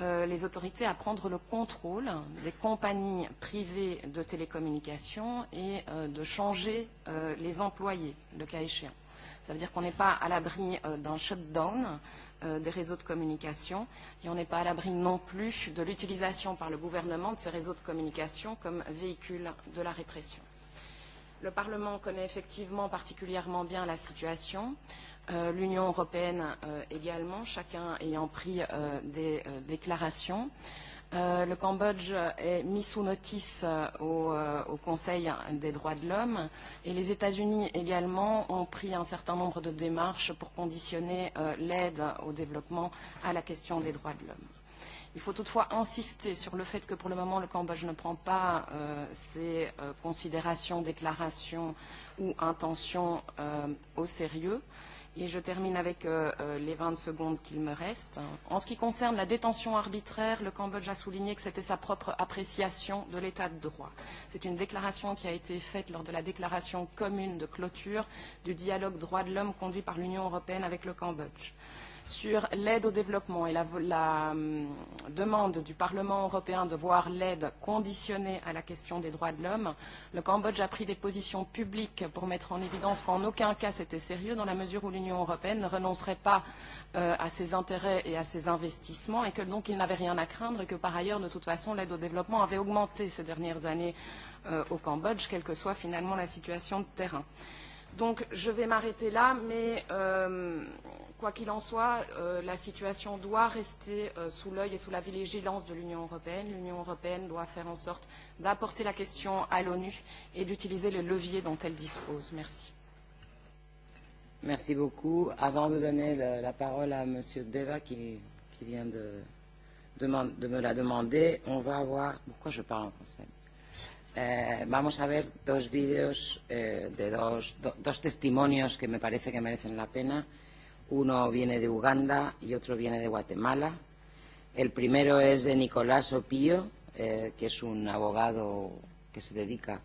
euh, les autorités à prendre le contrôle des compagnies privées de télécommunications et euh, de changer euh, les employés, le cas échéant. Ça veut dire qu'on n'est pas à l'abri euh, d'un shutdown euh, des réseaux de communication et on n'est pas à l'abri non plus de l'utilisation par le gouvernement de ces réseaux de communication comme véhicule de la répression. Le Parlement connaît effectivement particulièrement bien la situation, euh, l'Union européenne euh, également, chacun ayant pris euh, des euh, déclarations. Euh, le Cambodge est mis sous notice euh, au, euh, au Conseil des droits de l'homme et les États-Unis également ont pris un certain nombre de démarches pour conditionner euh, l'aide au développement à la question des droits de l'homme. Il faut toutefois insister sur le fait que pour le moment, le Cambodge ne prend pas euh, ses euh, considérations, déclarations ou intentions euh, au sérieux. Et je termine avec euh, euh les 20 secondes qu'il me reste. En ce qui concerne la détention arbitraire, le Cambodge a souligné que c'était sa propre appréciation de l'état de droit. C'est une déclaration qui a été faite lors de la déclaration commune de clôture du dialogue droits de l'homme conduit par l'Union européenne avec le Cambodge. Euh, sur l'aide au développement et la, la hum, demande du Parlement européen de voir l'aide conditionnée à la question des droits de l'homme, le Cambodge a pris des positions publiques pour mettre en évidence qu'en aucun cas c'était sérieux dans la mesure où l'Union européenne ne renoncerait pas euh, à ses intérêts et à ses investissements et que donc il n'avait rien à craindre et que par ailleurs de toute façon l'aide au développement avait augmenté ces dernières années euh, au Cambodge, quelle que soit finalement la situation de terrain. Donc je vais m'arrêter là, mais euh, quoi qu'il en soit, euh, la situation doit rester euh, sous l'œil et sous la vigilance de l'Union européenne. L'Union européenne doit faire en sorte d'apporter la question à l'ONU et d'utiliser les leviers dont elle dispose. Merci. Merci beaucoup. Avant de donner la, la parole à M. Deva qui, qui vient de, de, de me la demander, on va avoir... Pourquoi je parle en français Eh, vamos a ver dos vídeos eh, de dos, do, dos testimonios que me parece que merecen la pena. Eh, Uno viene de Uganda y otro viene de Guatemala. El primero es de Nicolás Opío, eh, que es un abogado que se dedica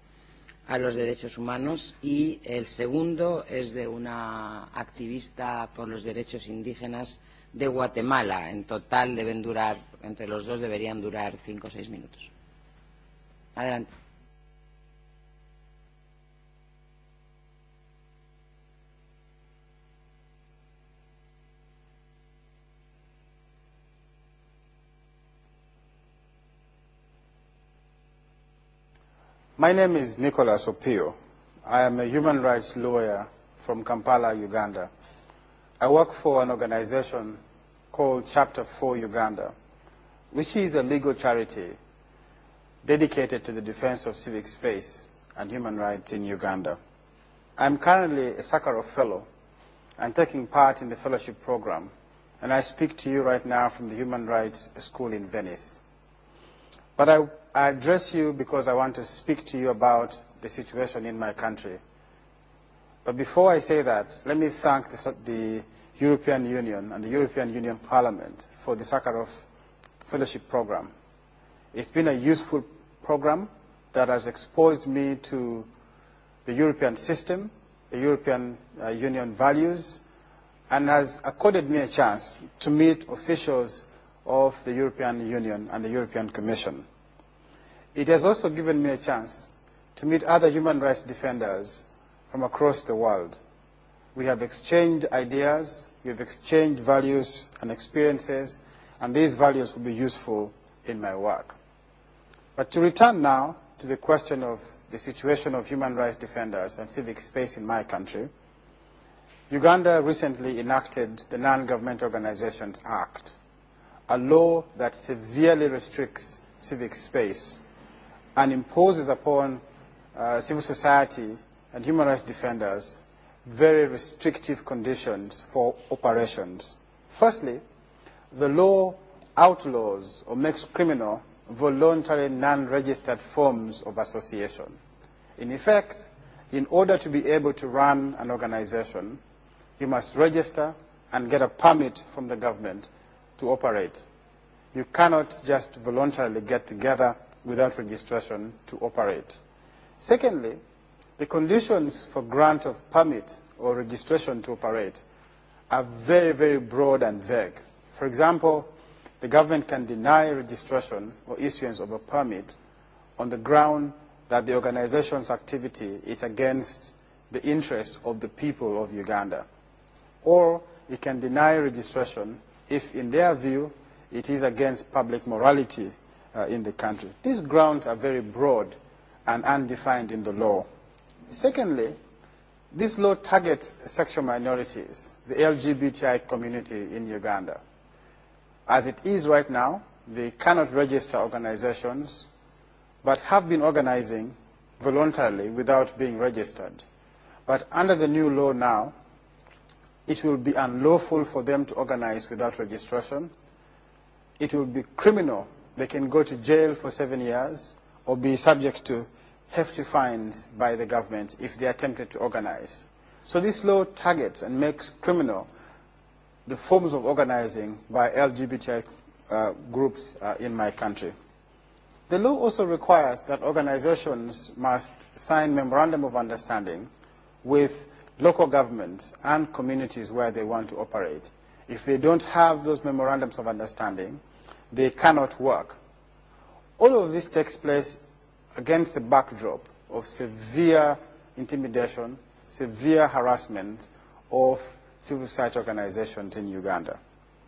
a los derechos humanos y el segundo es de una activista por los derechos indígenas de Guatemala. En total deben durar, entre los dos deberían durar cinco o seis minutos. Adelante. My name is Nicholas Opio. I am a human rights lawyer from Kampala, Uganda. I work for an organization called Chapter 4 Uganda, which is a legal charity dedicated to the defense of civic space and human rights in Uganda. I'm currently a Sakharov Fellow and taking part in the fellowship program, and I speak to you right now from the Human Rights School in Venice. But I I address you because I want to speak to you about the situation in my country. But before I say that, let me thank the, the European Union and the European Union Parliament for the Sakharov Fellowship Program. It's been a useful program that has exposed me to the European system, the European uh, Union values, and has accorded me a chance to meet officials of the European Union and the European Commission. It has also given me a chance to meet other human rights defenders from across the world. We have exchanged ideas, we have exchanged values and experiences, and these values will be useful in my work. But to return now to the question of the situation of human rights defenders and civic space in my country, Uganda recently enacted the Non-Government Organizations Act, a law that severely restricts civic space and imposes upon uh, civil society and human rights defenders very restrictive conditions for operations. Firstly, the law outlaws or makes criminal voluntary non-registered forms of association. In effect, in order to be able to run an organization, you must register and get a permit from the government to operate. You cannot just voluntarily get together without registration to operate. Secondly, the conditions for grant of permit or registration to operate are very, very broad and vague. For example, the government can deny registration or issuance of a permit on the ground that the organization's activity is against the interest of the people of Uganda. Or it can deny registration if, in their view, it is against public morality uh, in the country. These grounds are very broad and undefined in the law. Secondly, this law targets sexual minorities, the LGBTI community in Uganda. As it is right now, they cannot register organizations, but have been organizing voluntarily without being registered. But under the new law now, it will be unlawful for them to organize without registration. It will be criminal they can go to jail for seven years or be subject to hefty fines by the government if they attempted to organize. So this law targets and makes criminal the forms of organizing by LGBTI uh, groups uh, in my country. The law also requires that organizations must sign memorandum of understanding with local governments and communities where they want to operate. If they don't have those memorandums of understanding, they cannot work. All of this takes place against the backdrop of severe intimidation, severe harassment of civil society organizations in Uganda.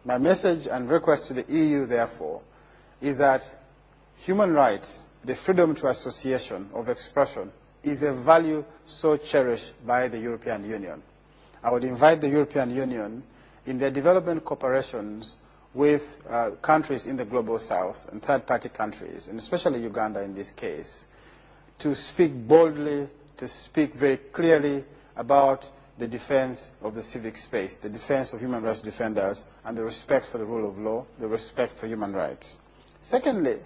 My message and request to the EU, therefore, is that human rights, the freedom to association, of expression, is a value so cherished by the European Union. I would invite the European Union in their development cooperations with uh, countries in the global south and third-party countries, and especially Uganda in this case, to speak boldly, to speak very clearly about the defense of the civic space, the defense of human rights defenders, and the respect for the rule of law, the respect for human rights. Secondly,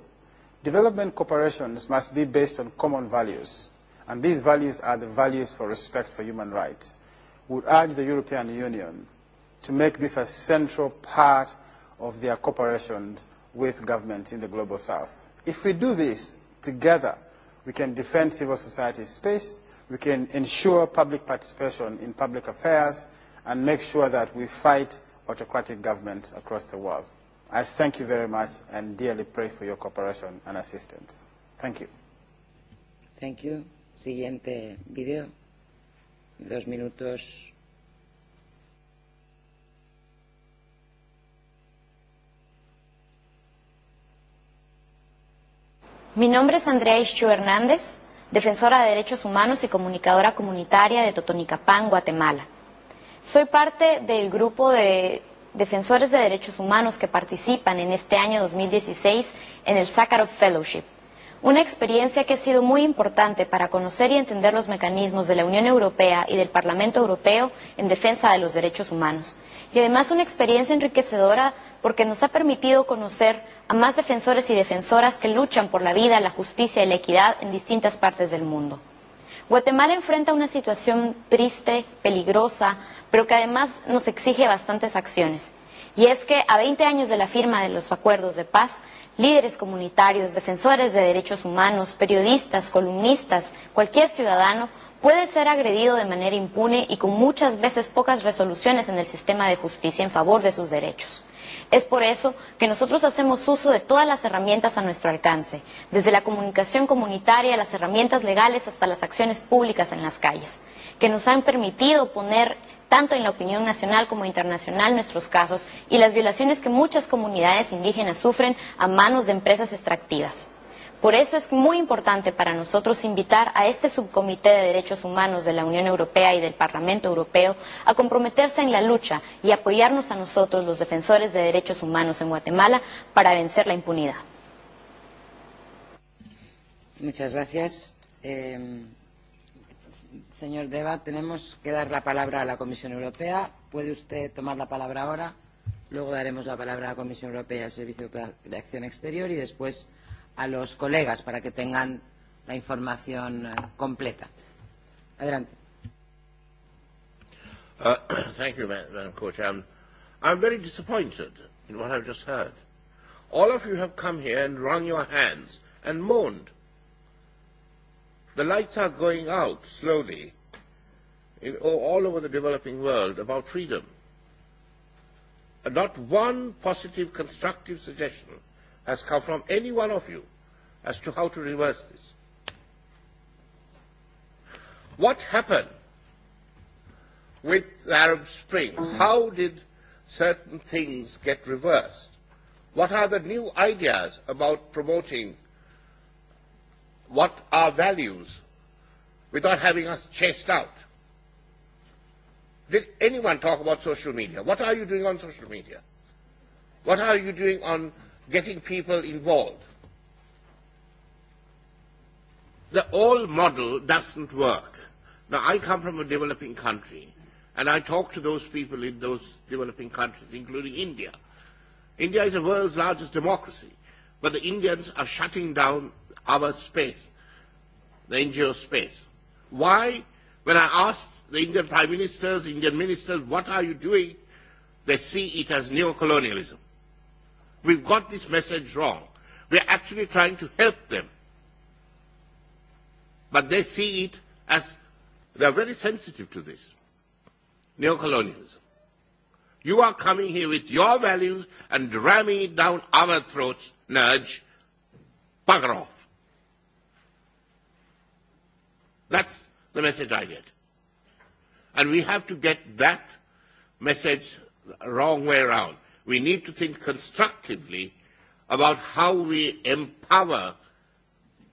development corporations must be based on common values, and these values are the values for respect for human rights. We would urge the European Union to make this a central part of their corporations with governments in the global south. If we do this together, we can defend civil society space, we can ensure public participation in public affairs, and make sure that we fight autocratic governments across the world. I thank you very much and dearly pray for your cooperation and assistance. Thank you. Thank you. Siguiente video. Dos minutos. Mi nombre es Andrea Ischio Hernández, defensora de derechos humanos y comunicadora comunitaria de Totonicapán, Guatemala. Soy parte del grupo de defensores de derechos humanos que participan en este año 2016 en el Sakharov Fellowship, una experiencia que ha sido muy importante para conocer y entender los mecanismos de la Unión Europea y del Parlamento Europeo en defensa de los derechos humanos. Y además una experiencia enriquecedora porque nos ha permitido conocer a más defensores y defensoras que luchan por la vida, la justicia y la equidad en distintas partes del mundo. Guatemala enfrenta una situación triste, peligrosa, pero que además nos exige bastantes acciones. Y es que a 20 años de la firma de los acuerdos de paz, líderes comunitarios, defensores de derechos humanos, periodistas, columnistas, cualquier ciudadano puede ser agredido de manera impune y con muchas veces pocas resoluciones en el sistema de justicia en favor de sus derechos. Es por eso que nosotros hacemos uso de todas las herramientas a nuestro alcance, desde la comunicación comunitaria, las herramientas legales hasta las acciones públicas en las calles, que nos han permitido poner tanto en la opinión nacional como internacional nuestros casos y las violaciones que muchas comunidades indígenas sufren a manos de empresas extractivas. Por eso es muy importante para nosotros invitar a este Subcomité de Derechos Humanos de la Unión Europea y del Parlamento Europeo a comprometerse en la lucha y apoyarnos a nosotros, los defensores de derechos humanos en Guatemala, para vencer la impunidad. Muchas gracias. Eh, señor Deva, tenemos que dar la palabra a la Comisión Europea. ¿Puede usted tomar la palabra ahora? Luego daremos la palabra a la Comisión Europea y al Servicio de Acción Exterior y después a los colegas para que tengan la información eh, completa. Adelante. Uh, thank you, Madam Co-Chair. I'm, I'm very disappointed in what I've just heard. All of you have come here and wrung your hands and moaned. The lights are going out slowly in, all over the developing world about freedom. And not one positive, constructive suggestion has come from any one of you as to how to reverse this. What happened with the Arab Spring? How did certain things get reversed? What are the new ideas about promoting what are values without having us chased out? Did anyone talk about social media? What are you doing on social media? What are you doing on getting people involved. The old model doesn't work. Now, I come from a developing country, and I talk to those people in those developing countries, including India. India is the world's largest democracy, but the Indians are shutting down our space, the NGO space. Why? When I asked the Indian prime ministers, Indian ministers, what are you doing? They see it as neocolonialism. We've got this message wrong. We're actually trying to help them. But they see it as they are very sensitive to this. Neocolonialism. You are coming here with your values and ramming it down our throats, nudge, bugger off. That's the message I get. And we have to get that message the wrong way around. We need to think constructively about how we empower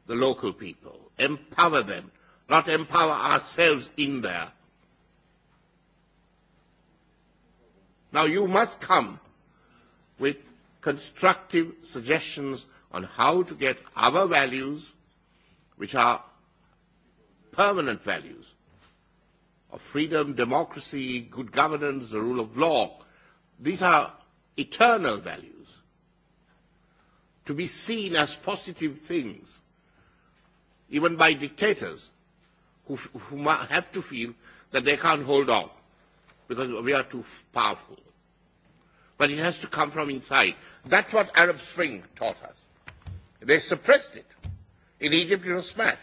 the local people, empower them, not empower ourselves in there. Now you must come with constructive suggestions on how to get our values, which are permanent values of freedom, democracy, good governance, the rule of law. These are eternal values, to be seen as positive things, even by dictators who, who have to feel that they can't hold on because we are too powerful. But it has to come from inside. That's what Arab Spring taught us. They suppressed it. In Egypt, it was smashed.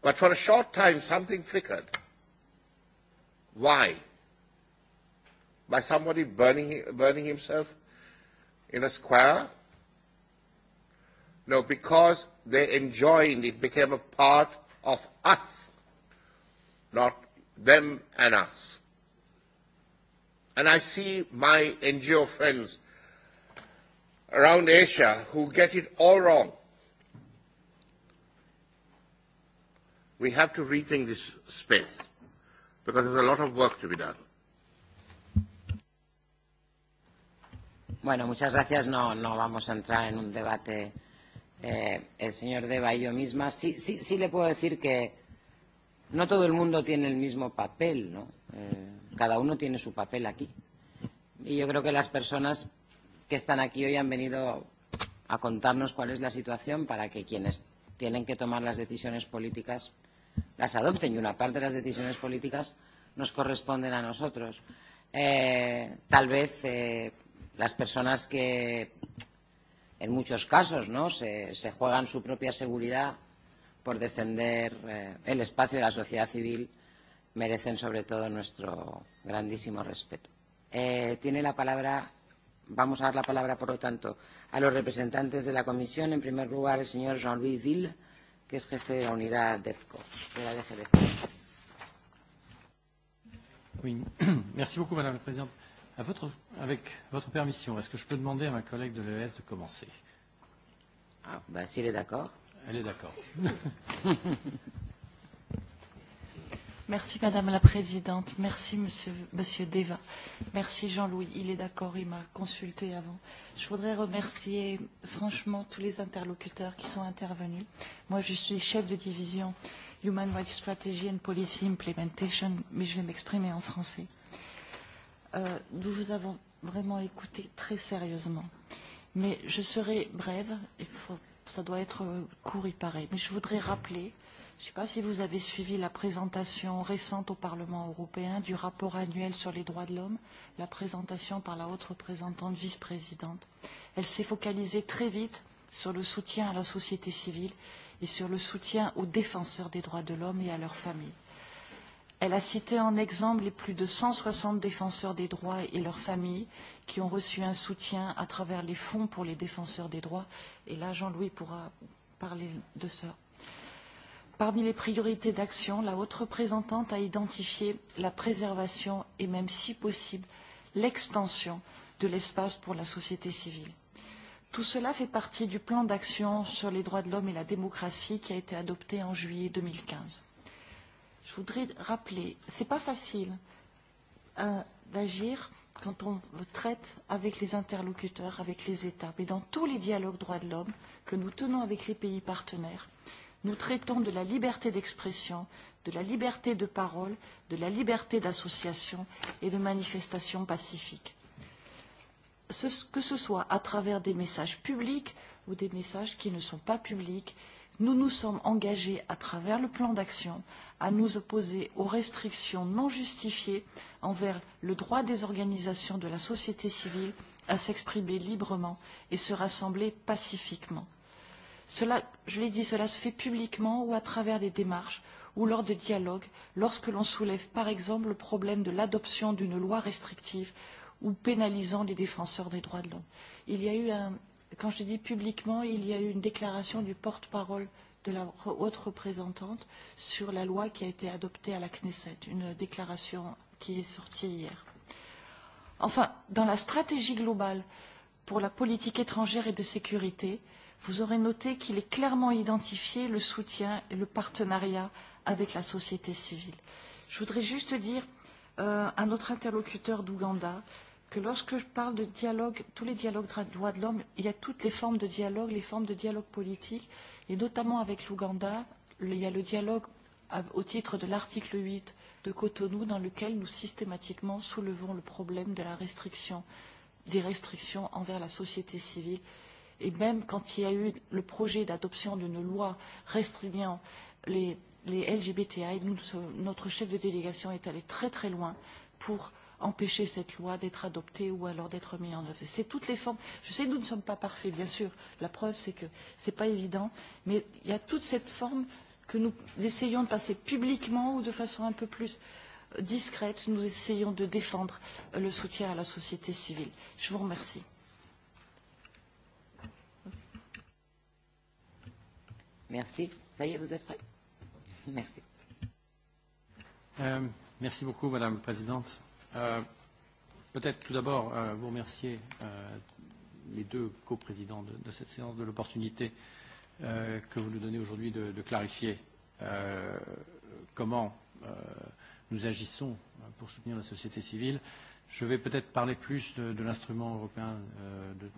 But for a short time, something flickered. Why? by somebody burning, burning himself in a square? No, because they enjoined it became a part of us, not them and us. And I see my NGO friends around Asia who get it all wrong. We have to rethink this space because there's a lot of work to be done. Bueno, muchas gracias. No, no vamos a entrar en un debate eh, el señor Deva y yo misma. Sí, sí, sí le puedo decir que no todo el mundo tiene el mismo papel, ¿no? Eh, cada uno tiene su papel aquí. Y yo creo que las personas que están aquí hoy han venido a contarnos cuál es la situación para que quienes tienen que tomar las decisiones políticas las adopten y una parte de las decisiones políticas nos corresponden a nosotros. Eh, tal vez eh, las personas que en muchos casos ¿no? se, se juegan su propia seguridad por defender eh, el espacio de la sociedad civil merecen sobre todo nuestro grandísimo respeto. Eh, tiene la palabra, vamos a dar la palabra, por lo tanto, a los representantes de la Comisión. En primer lugar, el señor Jean-Louis Ville, que es jefe de la unidad DEFCO, de la DGDEFCO. Oui. Merci beaucoup, Madame la Présidente. À votre, avec votre permission, est-ce que je peux demander à ma collègue de l'ES de commencer ah, ben, S'il est d'accord. Elle est d'accord. Merci Madame la Présidente, merci Monsieur, Monsieur Deva, merci Jean-Louis, il est d'accord, il m'a consulté avant. Je voudrais remercier franchement tous les interlocuteurs qui sont intervenus. Moi je suis chef de division Human Rights Strategy and Policy Implementation, mais je vais m'exprimer en français euh, nous vous avons vraiment écouté très sérieusement. Mais je serai brève, il faut, ça doit être euh, court, il paraît. Mais je voudrais rappeler, je ne sais pas si vous avez suivi la présentation récente au Parlement européen du rapport annuel sur les droits de l'homme, la présentation par la haute représentante vice-présidente. Elle s'est focalisée très vite sur le soutien à la société civile et sur le soutien aux défenseurs des droits de l'homme et à leurs familles. Elle a cité en exemple les plus de 160 défenseurs des droits et leurs familles qui ont reçu un soutien à travers les fonds pour les défenseurs des droits. Et là, Jean-Louis pourra parler de ça. Parmi les priorités d'action, la haute représentante a identifié la préservation et même, si possible, l'extension de l'espace pour la société civile. Tout cela fait partie du plan d'action sur les droits de l'homme et la démocratie qui a été adopté en juillet 2015 je voudrais rappeler, ce n'est pas facile euh, d'agir quand on traite avec les interlocuteurs, avec les États. Mais dans tous les dialogues droits de l'homme que nous tenons avec les pays partenaires, nous traitons de la liberté d'expression, de la liberté de parole, de la liberté d'association et de manifestation pacifique. Ce, que ce soit à travers des messages publics ou des messages qui ne sont pas publics, nous nous sommes engagés à travers le plan d'action à nous opposer aux restrictions non justifiées envers le droit des organisations de la société civile à s'exprimer librement et se rassembler pacifiquement. Cela, je l'ai dit, cela se fait publiquement ou à travers des démarches ou lors de dialogues, lorsque l'on soulève par exemple le problème de l'adoption d'une loi restrictive ou pénalisant les défenseurs des droits de l'homme. Il y a eu un, quand je dis publiquement, il y a eu une déclaration du porte-parole euh, de la haute représentante sur la loi qui a été adoptée à la Knesset, une déclaration qui est sortie hier. Enfin, dans la stratégie globale pour la politique étrangère et de sécurité, vous aurez noté qu'il est clairement identifié le soutien et le partenariat avec la société civile. Je voudrais juste dire euh, à notre interlocuteur d'Ouganda que lorsque je parle de dialogue, tous les dialogues droits de l'homme, il y a toutes les formes de dialogue, les formes de dialogue politique, Et notamment avec l'Ouganda, il y a le dialogue au titre de l'article 8 de Cotonou dans lequel nous systématiquement soulevons le problème de la restriction, des restrictions envers la société civile. Et même quand il y a eu le projet d'adoption d'une loi restreignant les, les LGBTI, nous, notre chef de délégation est allé très très loin pour euh, empêcher cette loi d'être adoptée ou alors d'être mise en œuvre. C'est toutes les formes. Je sais que nous ne sommes pas parfaits, bien sûr. La preuve, c'est que ce n'est pas évident. Mais il y a toute cette forme que nous essayons de passer publiquement ou de façon un peu plus euh, discrète. Nous essayons de défendre euh, le soutien à la société civile. Je vous remercie. Merci. Ça y est, vous êtes prêts Merci. Euh, merci beaucoup, Madame la Présidente. Euh, Peut-être tout d'abord euh, vous remercier euh, les deux coprésidents de, de cette séance de l'opportunité euh, que vous nous donnez aujourd'hui de, de clarifier euh, comment euh, nous agissons pour soutenir la société civile. Je vais peut-être parler plus de, de l'instrument européen euh, de,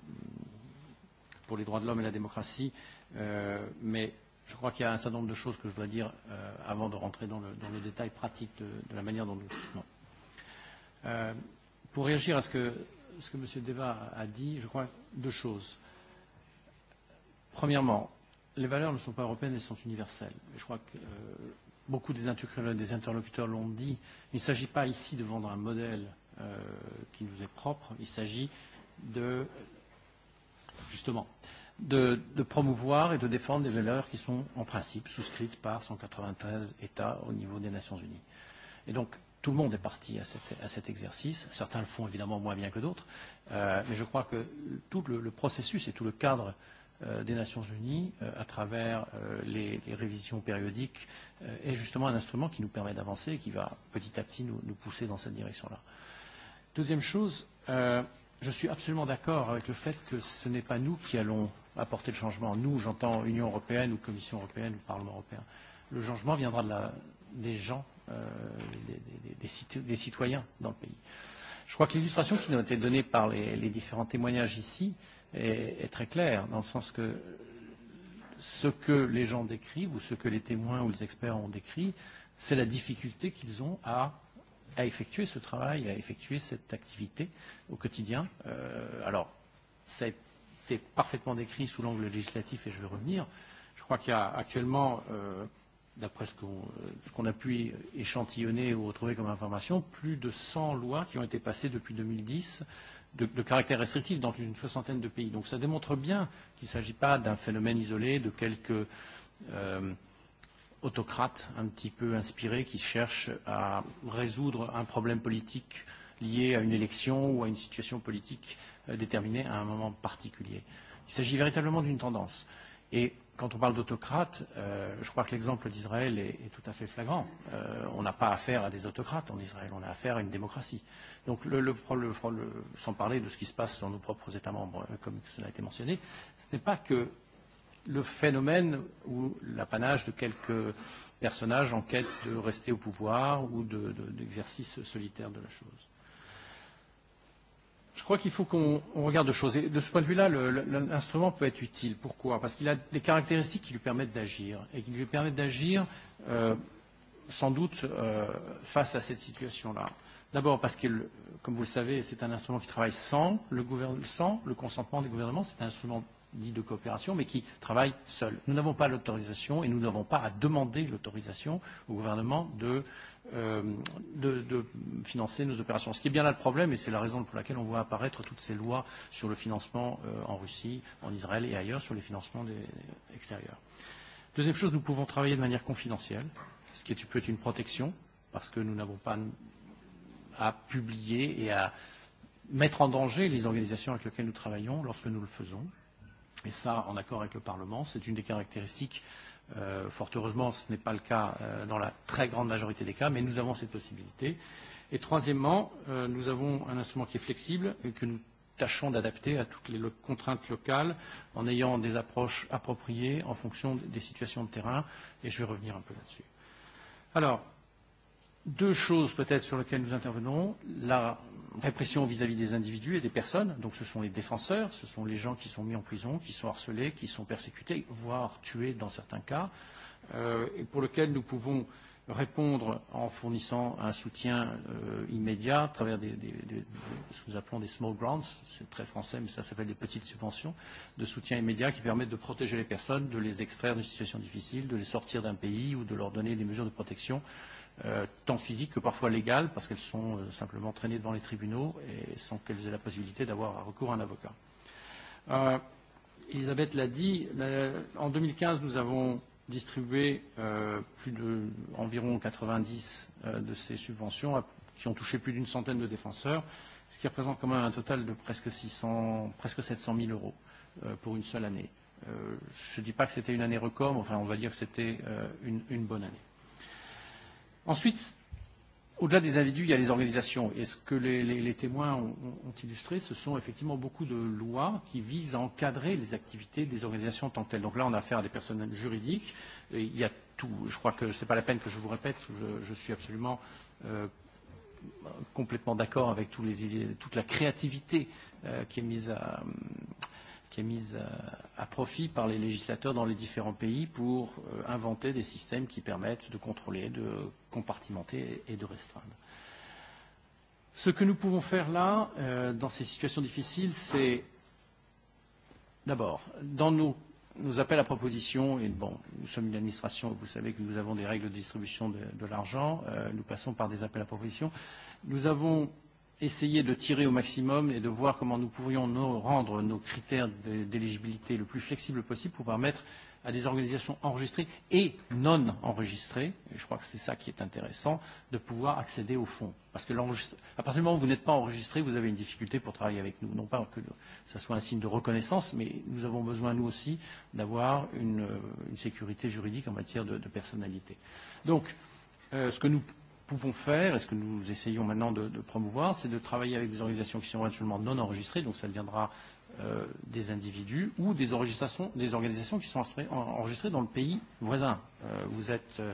pour les droits de l'homme et la démocratie, euh, mais je crois qu'il y a un certain nombre de choses que je dois dire euh, avant de rentrer dans le, dans le détail pratique de, de la manière dont nous soutenons. Euh, pour réagir à ce que, ce que M. Deva a dit, je crois deux choses. Premièrement, les valeurs ne sont pas européennes, elles sont universelles. Je crois que euh, beaucoup des interlocuteurs l'ont dit, il ne s'agit pas ici de vendre un modèle euh, qui nous est propre, il s'agit de, justement, de, de promouvoir et de défendre des valeurs qui sont en principe souscrites par 193 États au niveau des Nations Unies. Et donc, Tout le monde est parti à, cette, à cet exercice. Certains le font évidemment moins bien que d'autres. Euh, mais je crois que tout le, le processus et tout le cadre euh, des Nations Unies, euh, à travers euh, les, les révisions périodiques, euh, est justement un instrument qui nous permet d'avancer et qui va petit à petit nous, nous pousser dans cette direction-là. Deuxième chose, euh, je suis absolument d'accord avec le fait que ce n'est pas nous qui allons apporter le changement. Nous, j'entends Union européenne ou Commission européenne ou Parlement européen. Le changement viendra de la, des gens euh, des, des, des, cit des citoyens dans le pays. Je crois que l'illustration qui nous a été donnée par les, les différents témoignages ici est, est très claire, dans le sens que ce que les gens décrivent, ou ce que les témoins ou les experts ont décrit, c'est la difficulté qu'ils ont à à effectuer ce travail, à effectuer cette activité au quotidien. Euh, alors, ça a été parfaitement décrit sous l'angle législatif et je vais revenir. Je crois qu'il y a actuellement euh, d'après ce qu'on qu, ce qu a pu échantillonner ou retrouver comme information, plus de 100 lois qui ont été passées depuis 2010 de, de caractère restrictif dans une soixantaine de pays. Donc ça démontre bien qu'il ne s'agit pas d'un phénomène isolé, de quelques euh, autocrates un petit peu inspirés qui cherchent à résoudre un problème politique lié à une élection ou à une situation politique euh, déterminée à un moment particulier. Il s'agit véritablement d'une tendance. Et euh, quand on parle d'autocrates, euh, je crois que l'exemple d'Israël est, est tout à fait flagrant. Euh, on n'a pas affaire à des autocrates en Israël, on a affaire à une démocratie. Donc, le, le, le, le, sans parler de ce qui se passe dans nos propres États membres, euh, comme cela a été mentionné, ce n'est pas que le phénomène ou l'apanage de quelques personnages en quête de rester au pouvoir ou d'exercice de, de, solitaire de la chose. Je crois qu'il faut qu'on regarde deux choses. Et de ce point de vue-là, l'instrument peut être utile. Pourquoi Parce qu'il a des caractéristiques qui lui permettent d'agir, et qui lui permettent d'agir euh, sans doute euh, face à cette situation-là. D'abord parce que, comme vous le savez, c'est un instrument qui travaille sans le, sans le consentement des gouvernements. C'est un instrument dit de coopération, mais qui travaille seul. Nous n'avons pas l'autorisation et nous n'avons pas à demander l'autorisation au gouvernement de euh, de, de financer nos opérations. Ce qui est bien là le problème, et c'est la raison pour laquelle on voit apparaître toutes ces lois sur le financement euh, en Russie, en Israël et ailleurs, sur les financements des, extérieurs. Deuxième chose, nous pouvons travailler de manière confidentielle, ce qui est, peut être une protection, parce que nous n'avons pas à publier et à mettre en danger les organisations avec lesquelles nous travaillons lorsque nous le faisons. Et ça, en accord avec le Parlement, c'est une des caractéristiques euh, Euh, fort heureusement, ce n'est pas le cas euh, dans la très grande majorité des cas, mais nous avons cette possibilité. Et troisièmement, euh, nous avons un instrument qui est flexible et que nous tâchons d'adapter à toutes les lo contraintes locales en ayant des approches appropriées en fonction des situations de terrain. Et je vais revenir un peu là-dessus. Alors, deux choses peut-être sur lesquelles nous intervenons. La répression vis-à-vis -vis des individus et des personnes. Donc ce sont les défenseurs, ce sont les gens qui sont mis en prison, qui sont harcelés, qui sont persécutés, voire tués dans certains cas, euh, et pour lesquels nous pouvons répondre en fournissant un soutien euh, immédiat à travers des, des, des, ce que nous appelons des small grants, c'est très français, mais ça s'appelle des petites subventions, de soutien immédiat qui permettent de protéger les personnes, de les extraire d'une situation difficile, de les sortir d'un pays ou de leur donner des mesures de protection euh, euh, tant physiques que parfois légales, parce qu'elles sont euh, simplement traînées devant les tribunaux et sans qu'elles aient la possibilité d'avoir recours à un avocat. Euh, Elisabeth l'a dit, la, en 2015, nous avons distribué euh, plus de environ 90 euh, de ces subventions à, qui ont touché plus d'une centaine de défenseurs, ce qui représente quand même un total de presque, 600, presque 700 000 euros euh, pour une seule année. Euh, je ne dis pas que c'était une année record, mais enfin, on va dire que c'était euh, une, une bonne année. Ensuite, au-delà des individus, il y a les organisations. Et ce que les, les, les témoins ont, ont illustré, ce sont effectivement beaucoup de lois qui visent à encadrer les activités des organisations tant telles. Donc là, on a affaire à des personnes juridiques. Et il y a tout. Je crois que ce n'est pas la peine que je vous répète. Je, je suis absolument euh, complètement d'accord avec tous les, toute la créativité euh, qui est mise à, qui est mise à, euh, à profit par les législateurs dans les différents pays pour euh, inventer des systèmes qui permettent de contrôler, de compartimenter et, et de restreindre. Ce que nous pouvons faire là, euh, dans ces situations difficiles, c'est d'abord, dans nos, nos appels à proposition, et bon, nous sommes une administration, vous savez que nous avons des règles de distribution de, de l'argent, euh, nous passons par des appels à proposition, nous avons essayer de tirer au maximum et de voir comment nous pourrions nous rendre nos critères d'éligibilité le plus flexible possible pour permettre à des organisations enregistrées et non enregistrées, et je crois que c'est ça qui est intéressant, de pouvoir accéder aux fonds. Parce que à partir du moment où vous n'êtes pas enregistré, vous avez une difficulté pour travailler avec nous. Non pas que ça soit un signe de reconnaissance, mais nous avons besoin, nous aussi, d'avoir une, une sécurité juridique en matière de, de personnalité. Donc, euh, ce que nous pouvons faire, et ce que nous essayons maintenant de, de promouvoir, c'est de travailler avec des organisations qui sont actuellement non enregistrées, donc ça deviendra euh, des individus, ou des organisations, des organisations qui sont enregistrées dans le pays voisin. Euh, vous êtes, euh,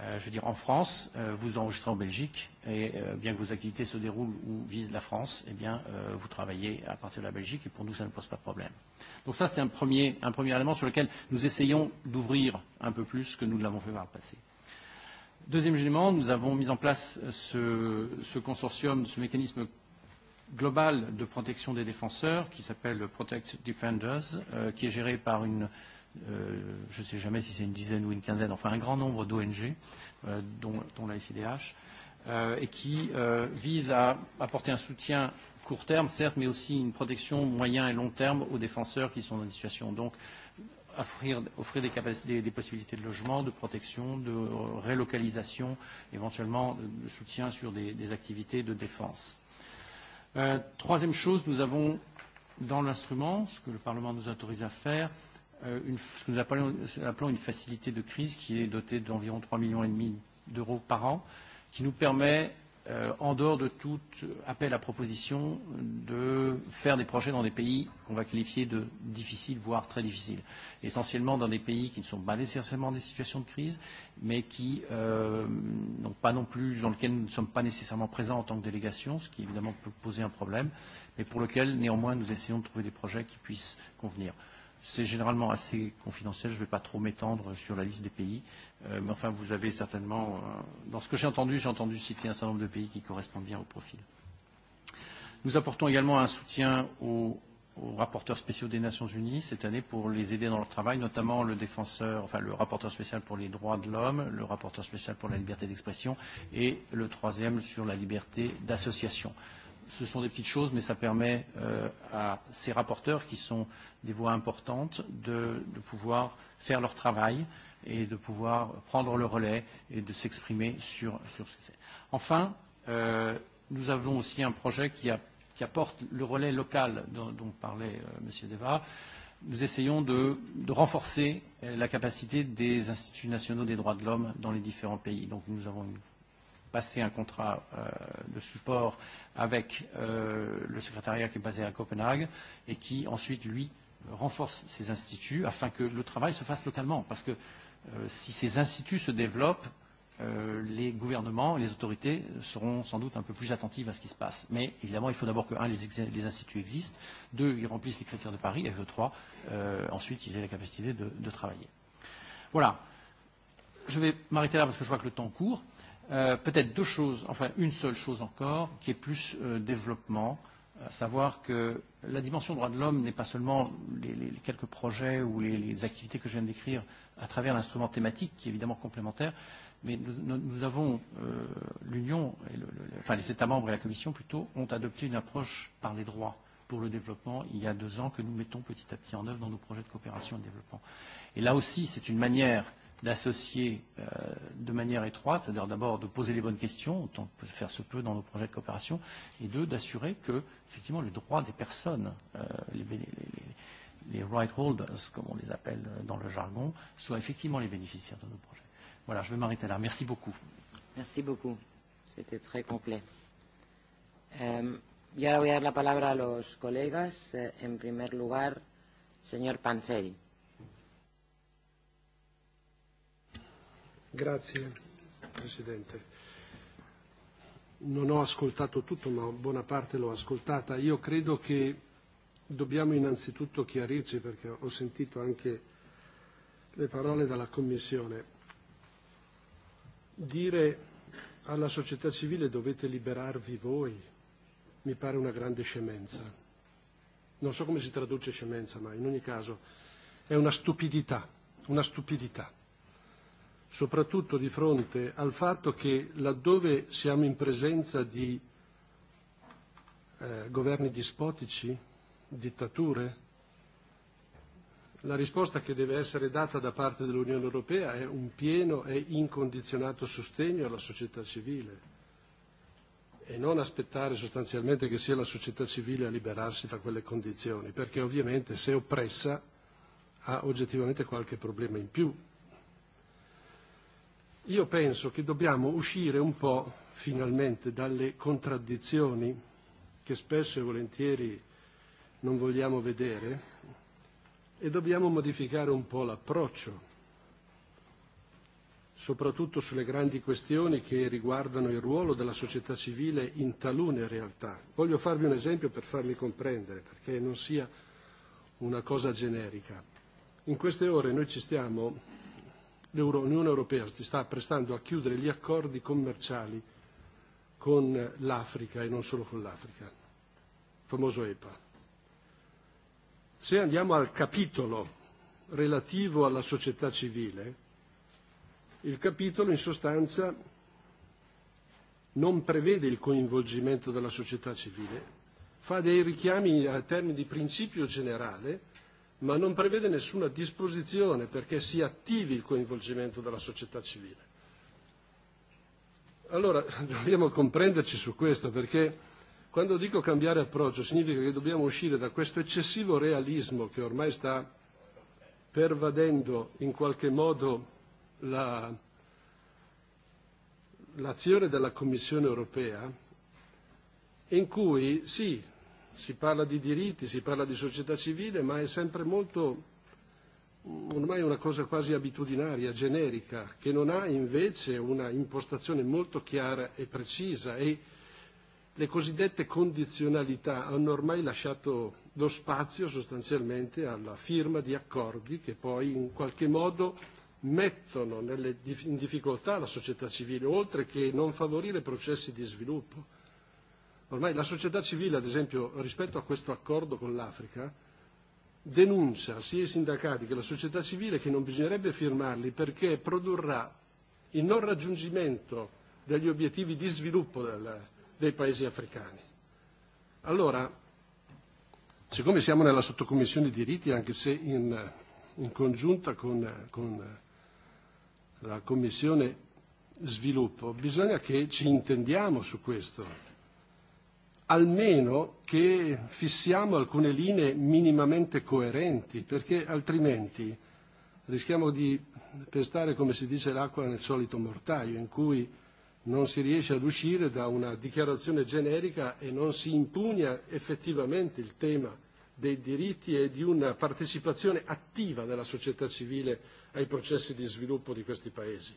euh, je veux dire, en France, euh, vous enregistrez en Belgique, et euh, bien que vos activités se déroulent ou visent la France, eh bien, euh, vous travaillez à partir de la Belgique, et pour nous, ça ne pose pas de problème. Donc ça, c'est un premier, un premier élément sur lequel nous essayons d'ouvrir un peu plus que nous ne l'avons fait par le passé. Euh, Deuxième élément, nous avons mis en place euh, ce, ce consortium, ce mécanisme global de protection des défenseurs qui s'appelle Protect Defenders, euh, qui est géré par une, euh, je ne sais jamais si c'est une dizaine ou une quinzaine, enfin un grand nombre d'ONG, euh, dont, dont la FIDH, euh, et qui euh, vise à apporter un soutien court terme, certes, mais aussi une protection moyen et long terme aux défenseurs qui sont dans une situation donc euh, offrir, offrir des, des, des possibilités de logement, de protection, de euh, relocalisation, éventuellement de soutien sur des, des activités de défense. Euh, troisième chose, nous avons dans l'instrument, ce que le Parlement nous autorise à faire, euh, une, ce que nous appelons, appelons une facilité de crise qui est dotée d'environ 3,5 millions d'euros par an, qui nous permet euh, en dehors de tout appel à proposition de faire des projets dans des pays qu'on va qualifier de difficiles, voire très difficiles. Essentiellement dans des pays qui ne sont pas nécessairement des situations de crise, mais qui euh, n'ont pas non plus, dans lesquels nous ne sommes pas nécessairement présents en tant que délégation, ce qui évidemment peut poser un problème, mais pour lequel néanmoins nous essayons de trouver des projets qui puissent convenir. Euh, C'est généralement assez confidentiel, je ne vais pas trop m'étendre sur la liste des pays, euh, mais enfin vous avez certainement, euh, dans ce que j'ai entendu, j'ai entendu citer un certain nombre de pays qui correspondent bien au profil. Nous apportons également un soutien aux, aux rapporteurs spéciaux des Nations Unies cette année pour les aider dans leur travail, notamment le défenseur, enfin le rapporteur spécial pour les droits de l'homme, le rapporteur spécial pour la liberté d'expression et le troisième sur la liberté d'association. Euh, ce sont des petites choses, mais ça permet euh, à ces rapporteurs, qui sont des voix importantes, de, de pouvoir faire leur travail et de pouvoir prendre le relais et de s'exprimer sur, sur ce que c'est. Enfin, euh, nous avons aussi un projet qui, a, qui apporte le relais local dont, dont parlait euh, M. Deva. Nous essayons de, de renforcer euh, la capacité des instituts nationaux des droits de l'homme dans les différents pays. Donc nous avons passé un contrat euh, de support avec euh, le secrétariat qui est basé à Copenhague et qui ensuite, lui, renforce ces instituts afin que le travail se fasse localement. Parce que euh, si ces instituts se développent, euh, les gouvernements et les autorités seront sans doute un peu plus attentives à ce qui se passe. Mais évidemment, il faut d'abord que, un, les, ex les instituts existent, deux, ils remplissent les critères de Paris, et que, euh, trois, euh, ensuite, ils aient la capacité de, de travailler. Voilà. Je vais m'arrêter là parce que je vois que le temps court. Euh, Euh, Peut-être deux choses, enfin une seule chose encore, qui est plus euh, développement, à savoir que la dimension droits de l'homme n'est pas seulement les, les, les quelques projets ou les, les activités que je viens de décrire à travers l'instrument thématique, qui est évidemment complémentaire, mais nous, nous avons, euh, l'Union, le, le, enfin les États membres et la Commission plutôt, ont adopté une approche par les droits pour le développement il y a deux ans que nous mettons petit à petit en œuvre dans nos projets de coopération et de développement. Et là aussi, c'est une manière euh, d'associer euh, de manière étroite, c'est-à-dire d'abord de poser les bonnes questions, autant que faire se peut dans nos projets de coopération, et deux, d'assurer que, effectivement, le droit des personnes, euh, les, les, les, les right holders, comme on les appelle euh, dans le jargon, soient effectivement les bénéficiaires de nos projets. Voilà, je vais m'arrêter là. Merci beaucoup. Merci beaucoup. C'était très complet. Euh, y ahora voy a dar la palabra a los colegas. Eh, en primer lugar, señor Panseri. Grazie Presidente. Non ho ascoltato tutto, ma buona parte l'ho ascoltata. Io credo che dobbiamo innanzitutto chiarirci, perché ho sentito anche le parole dalla Commissione. Dire alla società civile dovete liberarvi voi mi pare una grande scemenza. Non so come si traduce scemenza, ma in ogni caso è una stupidità, una stupidità soprattutto di fronte al fatto che laddove siamo in presenza di eh, governi dispotici, dittature, la risposta che deve essere data da parte dell'Unione Europea è un pieno e incondizionato sostegno alla società civile e non aspettare sostanzialmente che sia la società civile a liberarsi da quelle condizioni, perché ovviamente se oppressa ha oggettivamente qualche problema in più io penso che dobbiamo uscire un po' finalmente dalle contraddizioni che spesso e volentieri non vogliamo vedere e dobbiamo modificare un po' l'approccio, soprattutto sulle grandi questioni che riguardano il ruolo della società civile in talune realtà. Voglio farvi un esempio per farmi comprendere, perché non sia una cosa generica. In queste ore noi ci stiamo l'Unione Europea si sta prestando a chiudere gli accordi commerciali con l'Africa e non solo con l'Africa, il famoso EPA. Se andiamo al capitolo relativo alla società civile, il capitolo in sostanza non prevede il coinvolgimento della società civile, fa dei richiami a termini di principio generale ma non prevede nessuna disposizione perché si attivi il coinvolgimento della società civile. Allora dobbiamo comprenderci su questo perché quando dico cambiare approccio significa che dobbiamo uscire da questo eccessivo realismo che ormai sta pervadendo in qualche modo la, l'azione della Commissione europea in cui sì, si parla di diritti, si parla di società civile, ma è sempre molto, ormai una cosa quasi abitudinaria, generica, che non ha invece una impostazione molto chiara e precisa e le cosiddette condizionalità hanno ormai lasciato lo spazio sostanzialmente alla firma di accordi che poi in qualche modo mettono nelle, in difficoltà la società civile, oltre che non favorire processi di sviluppo. Ormai la società civile, ad esempio, rispetto a questo accordo con l'Africa, denuncia sia i sindacati che la società civile che non bisognerebbe firmarli perché produrrà il non raggiungimento degli obiettivi di sviluppo del, dei paesi africani. Allora, siccome siamo nella sottocommissione diritti, anche se in, in congiunta con, con la commissione sviluppo, bisogna che ci intendiamo su questo almeno che fissiamo alcune linee minimamente coerenti, perché altrimenti rischiamo di pestare, come si dice, l'acqua nel solito mortaio, in cui non si riesce ad uscire da una dichiarazione generica e non si impugna effettivamente il tema dei diritti e di una partecipazione attiva della società civile ai processi di sviluppo di questi paesi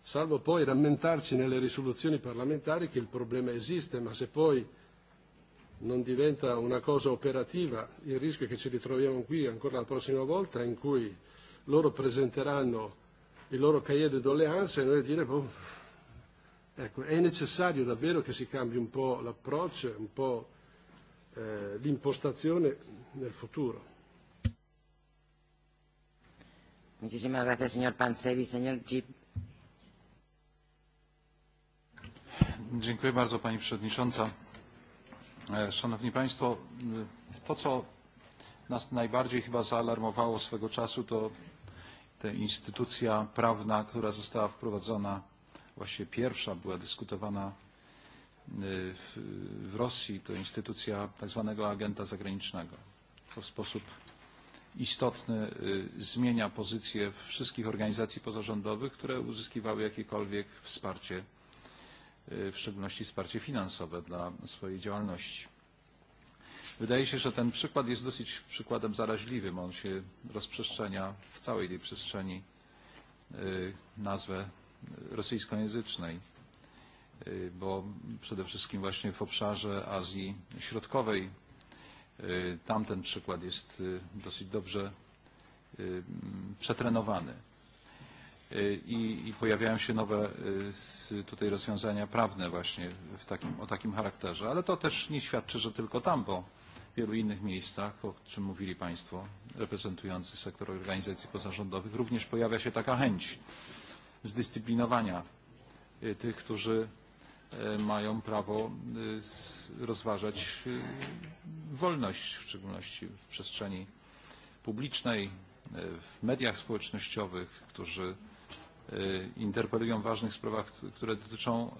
salvo poi rammentarci nelle risoluzioni parlamentari che il problema esiste, ma se poi non diventa una cosa operativa, il rischio è che ci ritroviamo qui ancora la prossima volta in cui loro presenteranno il loro cahier de doléance e noi dire boh, ecco, è necessario davvero che si cambi un po' l'approccio, un po' eh, l'impostazione nel futuro. Muchísimas gracias, señor Panseri. Señor Jeep. Dziękuję bardzo Pani Przewodnicząca. E, szanowni Państwo, e, to co nas najbardziej chyba zaalarmowało swego czasu to ta instytucja prawna, która została wprowadzona, właściwie pierwsza była dyskutowana e, w, w Rosji, to instytucja tak zwanego agenta zagranicznego, co w sposób istotny zmienia pozycję wszystkich organizacji pozarządowych, które uzyskiwały jakiekolwiek wsparcie w szczególności wsparcie finansowe dla swojej działalności. Wydaje się, że ten przykład jest dosyć przykładem zaraźliwym. On się rozprzestrzenia w całej tej przestrzeni nazwę rosyjskojęzycznej, bo przede wszystkim właśnie w obszarze Azji Środkowej tamten przykład jest dosyć dobrze przetrenowany. E, i, i pojawiają się nowe e, tutaj rozwiązania prawne właśnie w takim, o takim charakterze. Ale to też nie świadczy, że tylko tam, bo w wielu innych miejscach, o czym mówili Państwo reprezentujący sektor organizacji pozarządowych, również pojawia się taka chęć zdyscyplinowania e, tych, którzy mają prawo rozważać wolność, w szczególności w przestrzeni publicznej, w mediach społecznościowych, którzy E, interpelują w ważnych sprawach, które dotyczą e,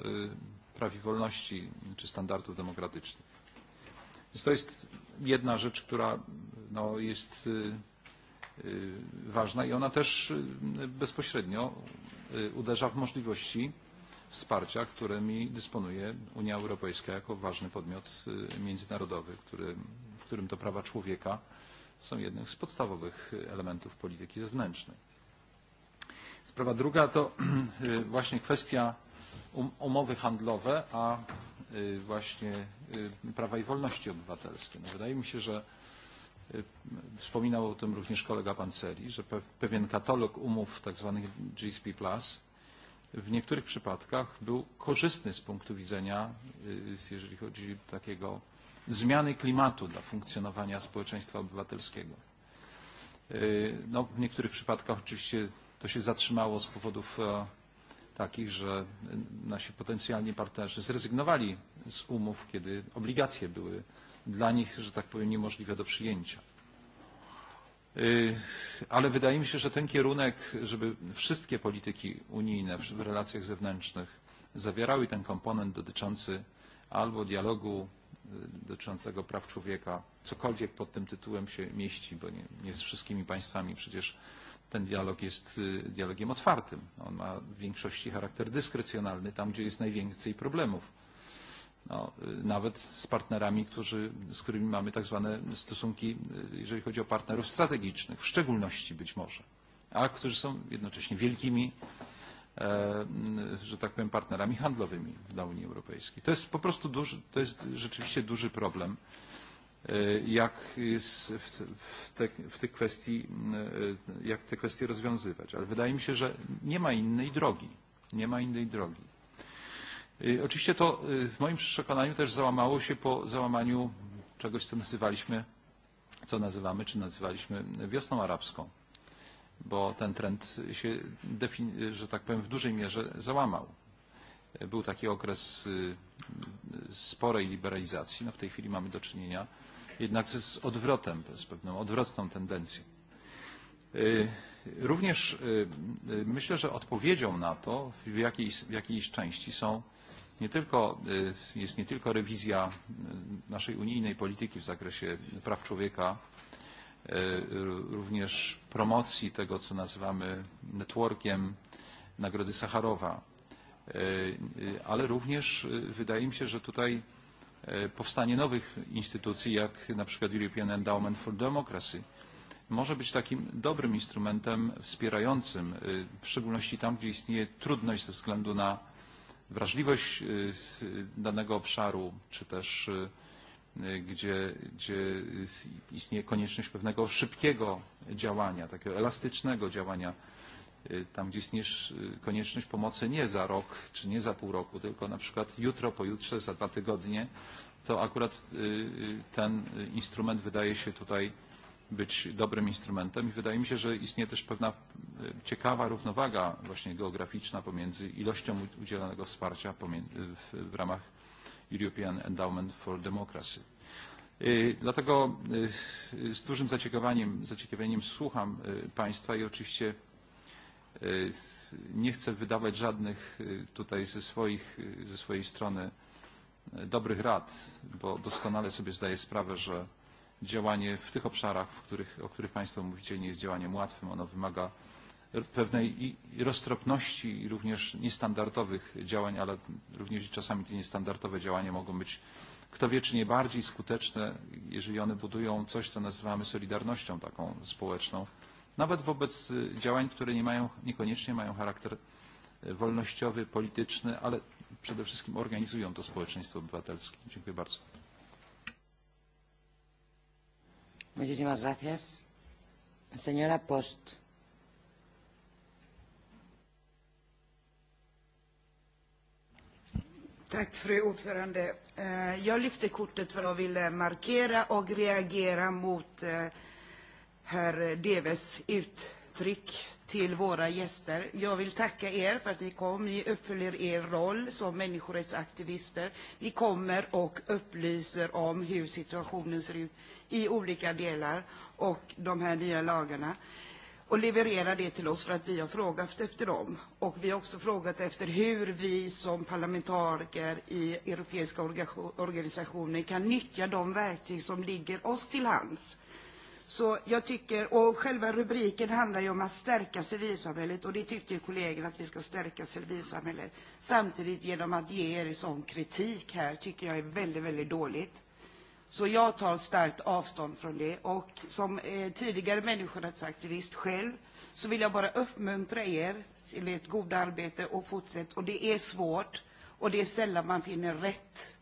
praw i wolności czy standardów demokratycznych. Więc to jest jedna rzecz, która no, jest e, ważna i ona też bezpośrednio uderza w możliwości wsparcia, którymi dysponuje Unia Europejska jako ważny podmiot międzynarodowy, który, w którym to prawa człowieka są jednym z podstawowych elementów polityki zewnętrznej. Sprawa druga to właśnie kwestia um, umowy handlowe, a właśnie prawa i wolności obywatelskie. No wydaje mi się, że wspominał o tym również kolega Panceri, że pewien katalog umów tzw. GSP Plus w niektórych przypadkach był korzystny z punktu widzenia, jeżeli chodzi o takiego zmiany klimatu dla funkcjonowania społeczeństwa obywatelskiego. No, w niektórych przypadkach oczywiście to się zatrzymało z powodów e, takich, że nasi potencjalni partnerzy zrezygnowali z umów, kiedy obligacje były dla nich, że tak powiem, niemożliwe do przyjęcia. E, ale wydaje mi się, że ten kierunek, żeby wszystkie polityki unijne w relacjach zewnętrznych zawierały ten komponent dotyczący albo dialogu e, dotyczącego praw człowieka, cokolwiek pod tym tytułem się mieści, bo nie, nie z wszystkimi państwami przecież ten dialog jest dialogiem otwartym. On ma w większości charakter dyskrecjonalny, tam gdzie jest najwięcej problemów. No, nawet z partnerami, którzy, z którymi mamy tak zwane stosunki, jeżeli chodzi o partnerów strategicznych, w szczególności być może, a którzy są jednocześnie wielkimi, e, że tak powiem, partnerami handlowymi dla Unii Europejskiej. To jest po prostu duży, to jest rzeczywiście duży problem. E, E, jak w, te, w tych kwestii, e, jak te kwestie rozwiązywać. Ale wydaje mi się, że nie ma innej drogi. Nie ma innej drogi. E, oczywiście to w moim przekonaniu też załamało się po załamaniu czegoś, co nazywaliśmy, co nazywamy, czy nazywaliśmy wiosną arabską, bo ten trend się, że tak powiem, w dużej mierze załamał był taki okres sporej liberalizacji. No w tej chwili mamy do czynienia jednak z odwrotem, z pewną odwrotną tendencją. Również myślę, że odpowiedzią na to w jakiejś, w jakiejś części są nie tylko, jest nie tylko rewizja naszej unijnej polityki w zakresie praw człowieka, również promocji tego, co nazywamy networkiem Nagrody Sacharowa, E, e, ale również e, wydaje mi się, że tutaj powstanie nowych instytucji, jak na przykład European Endowment for Democracy, może być takim dobrym instrumentem wspierającym, w szczególności tam, gdzie istnieje trudność ze względu na wrażliwość danego obszaru, czy też gdzie, gdzie istnieje konieczność pewnego szybkiego działania, takiego elastycznego działania tam gdzie istnieje konieczność pomocy nie za rok czy nie za pół roku, tylko na przykład jutro, pojutrze, za dwa tygodnie, to akurat ten instrument wydaje się tutaj być dobrym instrumentem i wydaje mi się, że istnieje też pewna ciekawa równowaga właśnie geograficzna pomiędzy ilością udzielanego wsparcia w ramach European Endowment for Democracy. Dlatego z dużym zaciekawieniem, zaciekawieniem słucham Państwa i oczywiście E, nie chcę wydawać żadnych e, tutaj ze, swoich, e, ze swojej strony dobrych rad, bo doskonale sobie zdaję sprawę, że działanie w tych obszarach, w których, o których Państwo mówicie, nie jest działaniem łatwym. Ono wymaga pewnej i roztropności i również niestandardowych działań, ale również czasami te niestandardowe działania mogą być kto wie, czy nie bardziej skuteczne, jeżeli one budują coś, co nazywamy solidarnością taką społeczną, nawet wobec działań, które nie mają, niekoniecznie mają charakter wolnościowy, polityczny, ale przede wszystkim organizują to społeczeństwo obywatelskie. Dziękuję bardzo. Muchísimas gracias. Señora Post. Tack, fru ordförande. Eh, jag lyfte kortet för att jag ville markera och reagera mot eh, herr Deves uttryck till våra gäster. Jag vill tacka er för att ni kom. Ni uppfyller er roll som människorättsaktivister. Ni kommer och upplyser om hur situationen ser ut i olika delar och de här nya lagarna och leverera det till oss för att vi har frågat efter dem. Och vi har också frågat efter hur vi som parlamentariker i europeiska organisationer kan nyttja de verktyg som ligger oss till hands Så jag tycker, och själva rubriken handlar ju om att stärka civilsamhället och det tycker kollegor att vi ska stärka civilsamhället. Samtidigt genom att ge er sån kritik här tycker jag är väldigt, väldigt dåligt. Så jag tar starkt avstånd från det och som eh, tidigare människorättsaktivist själv så vill jag bara uppmuntra er till ert goda arbete och fortsätt. Och det är svårt och det är sällan man finner rätt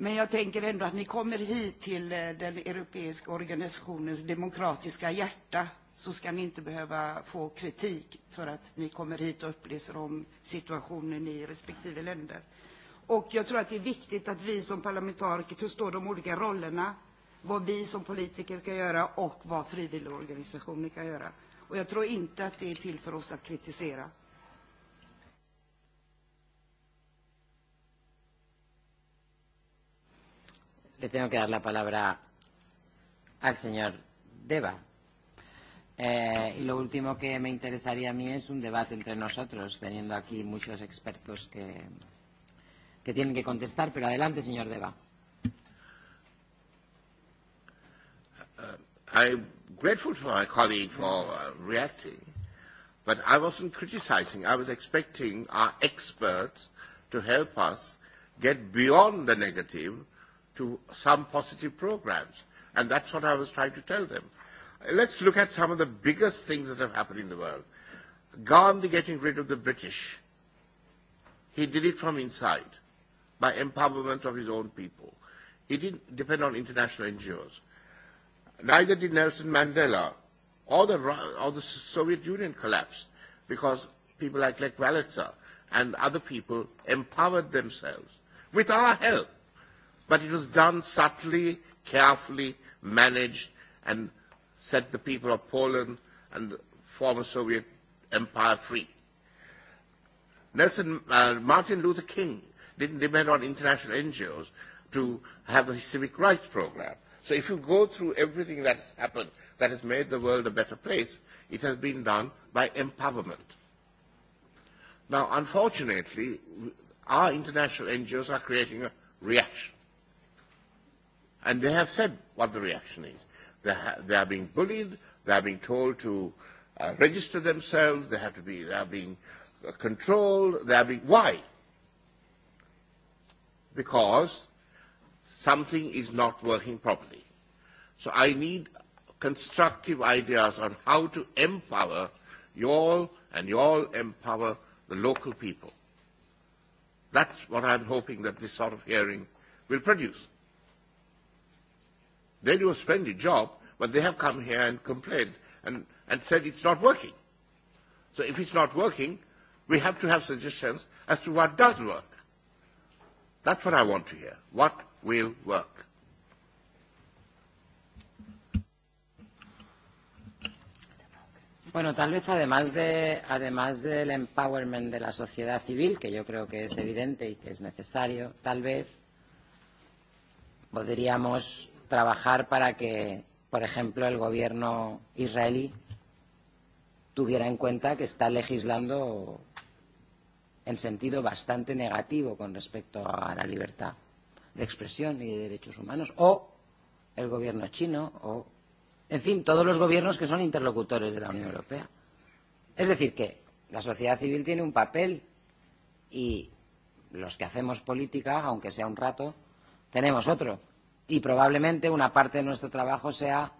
Men jag tänker ändå att ni kommer hit till eh, den europeiska organisationens demokratiska hjärta så ska ni inte behöva få kritik för att ni kommer hit och upplyser om situationen i respektive länder. Och jag tror att det är viktigt att vi som parlamentariker förstår de olika rollerna, vad vi som politiker kan göra och vad frivilligorganisationer kan göra. Och jag tror inte att det är till för oss att kritisera. le tengo que dar la palabra al señor Deva. Eh, y lo último que me interesaría a mí es un debate entre nosotros, teniendo aquí muchos expertos que, que tienen que contestar. Pero adelante, señor Deva. Uh, I'm grateful to my colleague for uh, reacting, but I wasn't criticizing. I was expecting our experts to help us get beyond the negative to some positive programs. And that's what I was trying to tell them. Let's look at some of the biggest things that have happened in the world. Gandhi getting rid of the British. He did it from inside by empowerment of his own people. He didn't depend on international NGOs. Neither did Nelson Mandela or the, or the Soviet Union collapsed because people like Lech Wałęsa and other people empowered themselves with our help But it was done subtly, carefully, managed, and set the people of Poland and the former Soviet Empire free. Nelson, uh, Martin Luther King didn't depend on international NGOs to have a civic rights program. So if you go through everything that has happened that has made the world a better place, it has been done by empowerment. Now, unfortunately, our international NGOs are creating a reaction. And they have said what the reaction is. They, ha- they are being bullied. They are being told to uh, register themselves. They have to be. They are being uh, controlled. They are being. Why? Because something is not working properly. So I need constructive ideas on how to empower you all, and you all empower the local people. That's what I'm hoping that this sort of hearing will produce. They do a splendid job, but they have come here and complained and, and said it's not working. So if it's not working, we have to have suggestions as to what does work. That's what I want to hear. What will work? Bueno, tal vez además, de, además del empowerment de la sociedad civil, que yo creo que es evidente y que es necesario, tal vez podríamos trabajar para que, por ejemplo, el gobierno israelí tuviera en cuenta que está legislando en sentido bastante negativo con respecto a la libertad de expresión y de derechos humanos, o el gobierno chino, o, en fin, todos los gobiernos que son interlocutores de la Unión Europea. Es decir, que la sociedad civil tiene un papel y los que hacemos política, aunque sea un rato, tenemos otro y probablemente una parte de nuestro trabajo sea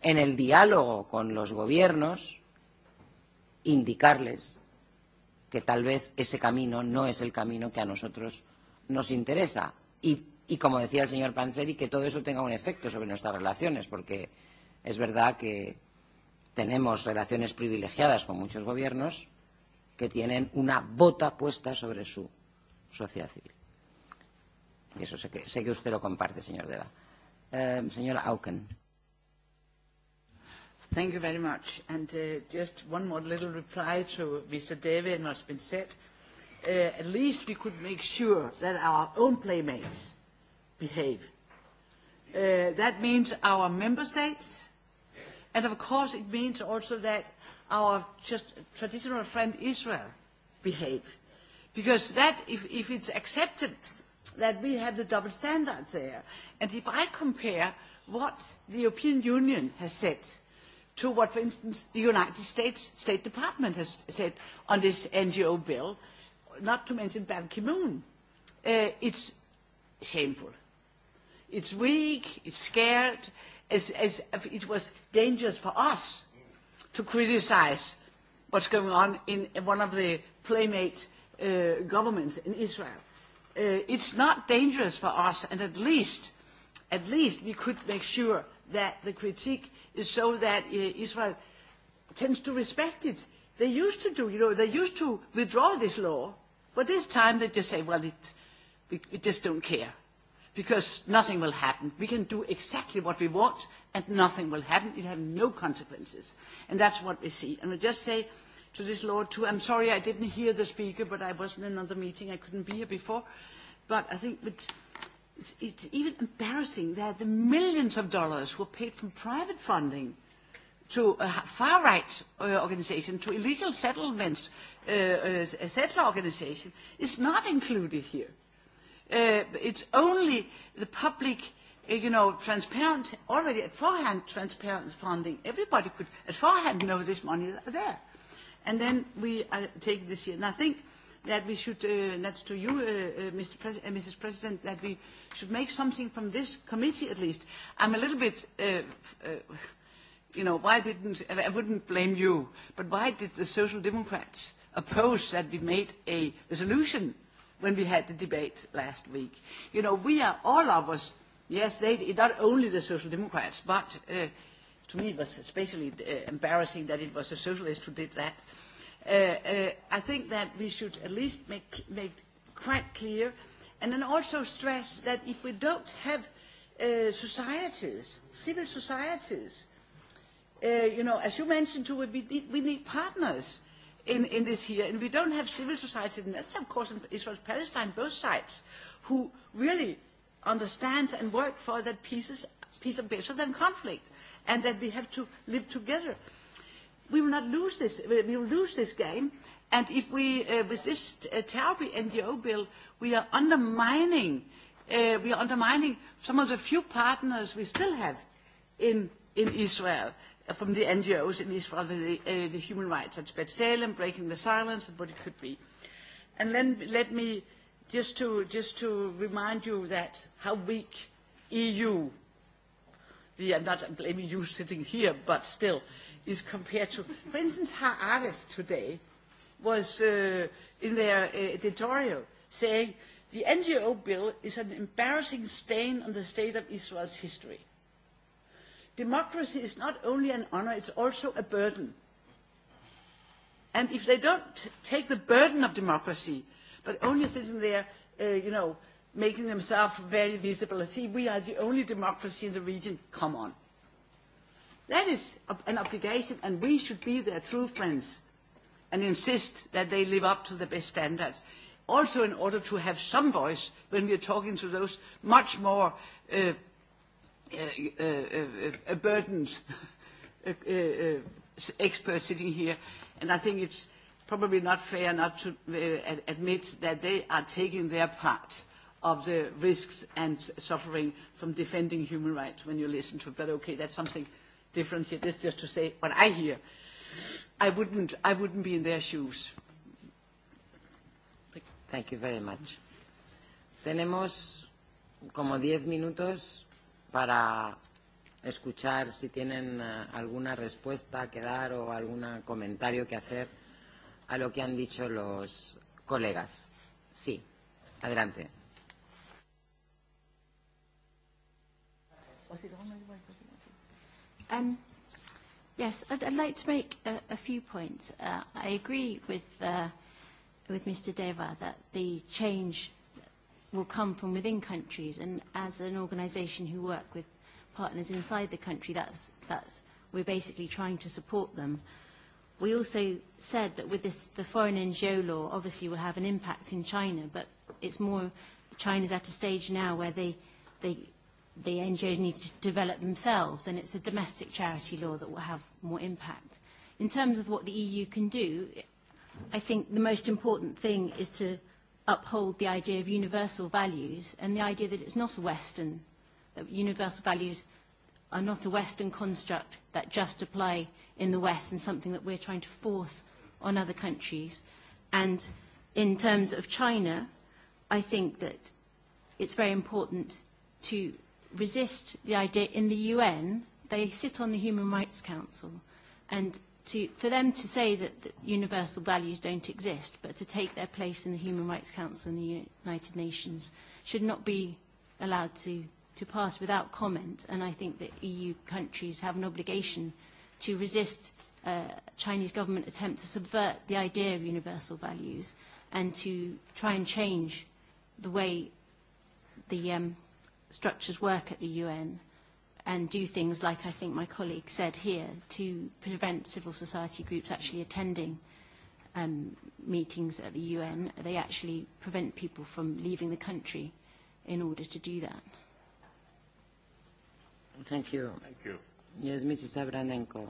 en el diálogo con los gobiernos indicarles que tal vez ese camino no es el camino que a nosotros nos interesa y, y como decía el señor Panseri, que todo eso tenga un efecto sobre nuestras relaciones, porque es verdad que tenemos relaciones privilegiadas con muchos gobiernos que tienen una bota puesta sobre su sociedad civil. Y eso sé que, sé que usted lo comparte, señor Deva. Um, señora Auken. Thank you very much. And uh, just one more little reply to Mr. Deva and what's been said. Uh, at least we could make sure that our own playmates behave. Uh, that means our member states, and of course it means also that our just traditional friend Israel behave. Because that, if, if it's accepted that we have the double standard there. And if I compare what the European Union has said to what, for instance, the United States State Department has said on this NGO bill, not to mention Ban Ki-moon, uh, it's shameful. It's weak, it's scared, as, as if it was dangerous for us to criticize what's going on in one of the playmate uh, governments in Israel. Uh, it's not dangerous for us, and at least, at least we could make sure that the critique is so that uh, Israel tends to respect it. They used to do, you know, they used to withdraw this law, but this time they just say, well, it, we, we just don't care because nothing will happen. We can do exactly what we want and nothing will happen. It will have no consequences. And that's what we see. And we just say, to this law too. I'm sorry I didn't hear the speaker, but I was in another meeting. I couldn't be here before. But I think it's, it's, it's even embarrassing that the millions of dollars were paid from private funding to a far right uh, organization, to illegal settlements, uh, uh, a settler organization, is not included here. Uh, it's only the public, uh, you know, transparent, already at forehand transparent funding. Everybody could at forehand know this money is there. And then we uh, take this year. And I think that we should, uh, and that's to you, uh, uh, Mr. Pres- uh, Mrs. President, that we should make something from this committee at least. I'm a little bit, uh, uh, you know, why didn't, I wouldn't blame you, but why did the Social Democrats oppose that we made a resolution when we had the debate last week? You know, we are, all of us, yes, they, not only the Social Democrats, but uh, to me it was especially uh, embarrassing that it was the Socialists who did that. Uh, uh, uh, I think that we should at least make, make quite clear and then also stress that if we don't have uh, societies, civil societies, uh, you know, as you mentioned too, we need, we need partners in, in this here, and we don't have civil society, and that's of course in Israel and Palestine, both sides, who really understand and work for that peace is, peace is better than conflict, and that we have to live together. Uh, we will not lose this. We will lose this game. And if we uh, resist uh, Taobi NGO bill, we are undermining. Uh, we are undermining some of the few partners we still have in in Israel uh, from the NGOs in Israel, the, uh, the human rights at B'Tselem, Breaking the Silence, and what it could be. And then let me just to just to remind you that how weak EU. Yeah, not I'm blaming you sitting here, but still. Uh, is compared to. For instance, Haaretz today was uh, in their uh, editorial saying the NGO bill is an embarrassing stain on the state of Israel's history. Democracy is not only an honor, it's also a burden. And if they don't t- take the burden of democracy, but only sitting there, uh, you know, making themselves very visible, see, we are the only democracy in the region, come on. That is an obligation, and we should be their true friends and insist that they live up to the best standards. Also in order to have some voice when we are talking to those much more uh, uh, uh, uh, uh burdened uh, uh, uh, experts sitting here. And I think it's probably not fair not to uh, admit that they are taking their part of the risks and suffering from defending human rights when you listen to it. But okay, that's something different here. This just to say what I hear. I wouldn't, I wouldn't be in their shoes. Thank you very much. Tenemos como 10 minutos para escuchar si tienen uh, alguna respuesta que dar o algún comentario que hacer a lo que han dicho los colegas. Sí, adelante. Was it on my way? Um, yes, I'd, I'd like to make a, a few points. Uh, I agree with, uh, with Mr. Deva that the change will come from within countries, and as an organisation who work with partners inside the country, that's, that's, we're basically trying to support them. We also said that with this, the foreign NGO law obviously will have an impact in China, but it's more, China's at a stage now where they, they the NGOs need to develop themselves, and it's the domestic charity law that will have more impact. In terms of what the EU can do, I think the most important thing is to uphold the idea of universal values and the idea that it's not a Western, that universal values are not a Western construct that just apply in the West and something that we're trying to force on other countries. And in terms of China, I think that it's very important to resist the idea in the UN, they sit on the Human Rights Council, and to, for them to say that, that universal values don't exist, but to take their place in the Human Rights Council and the United Nations should not be allowed to, to pass without comment. And I think that EU countries have an obligation to resist uh, Chinese government attempt to subvert the idea of universal values and to try and change the way the um, structures work at the UN and do things like I think my colleague said here to prevent civil society groups actually attending um, meetings at the UN. They actually prevent people from leaving the country in order to do that. Thank you. Thank you. Yes, Mrs. Abranenko.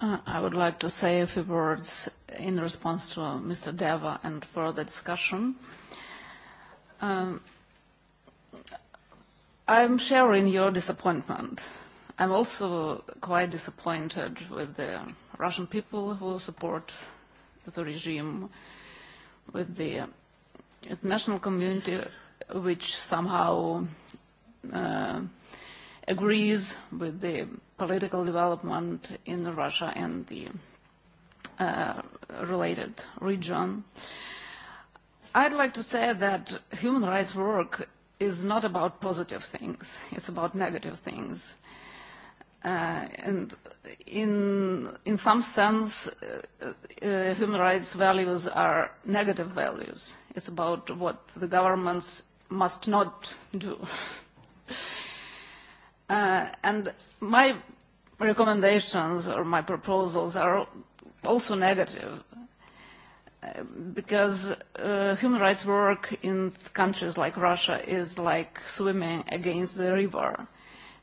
Uh, I would like to say a few words in response to Mr. Deva and further discussion. Uh, Um, I'm sharing your disappointment. I'm also quite disappointed with the Russian people who support the regime, with the international community which somehow uh, agrees with the political development in Russia and the uh, related region. Uh, I'd like to say that human rights work is not about positive things. It's about negative things. Uh, and in, in some sense, uh, uh, human rights values are negative values. It's about what the governments must not do. uh, and my recommendations or my proposals are also negative. Uh, because uh, human rights work in countries like Russia is like swimming against the river.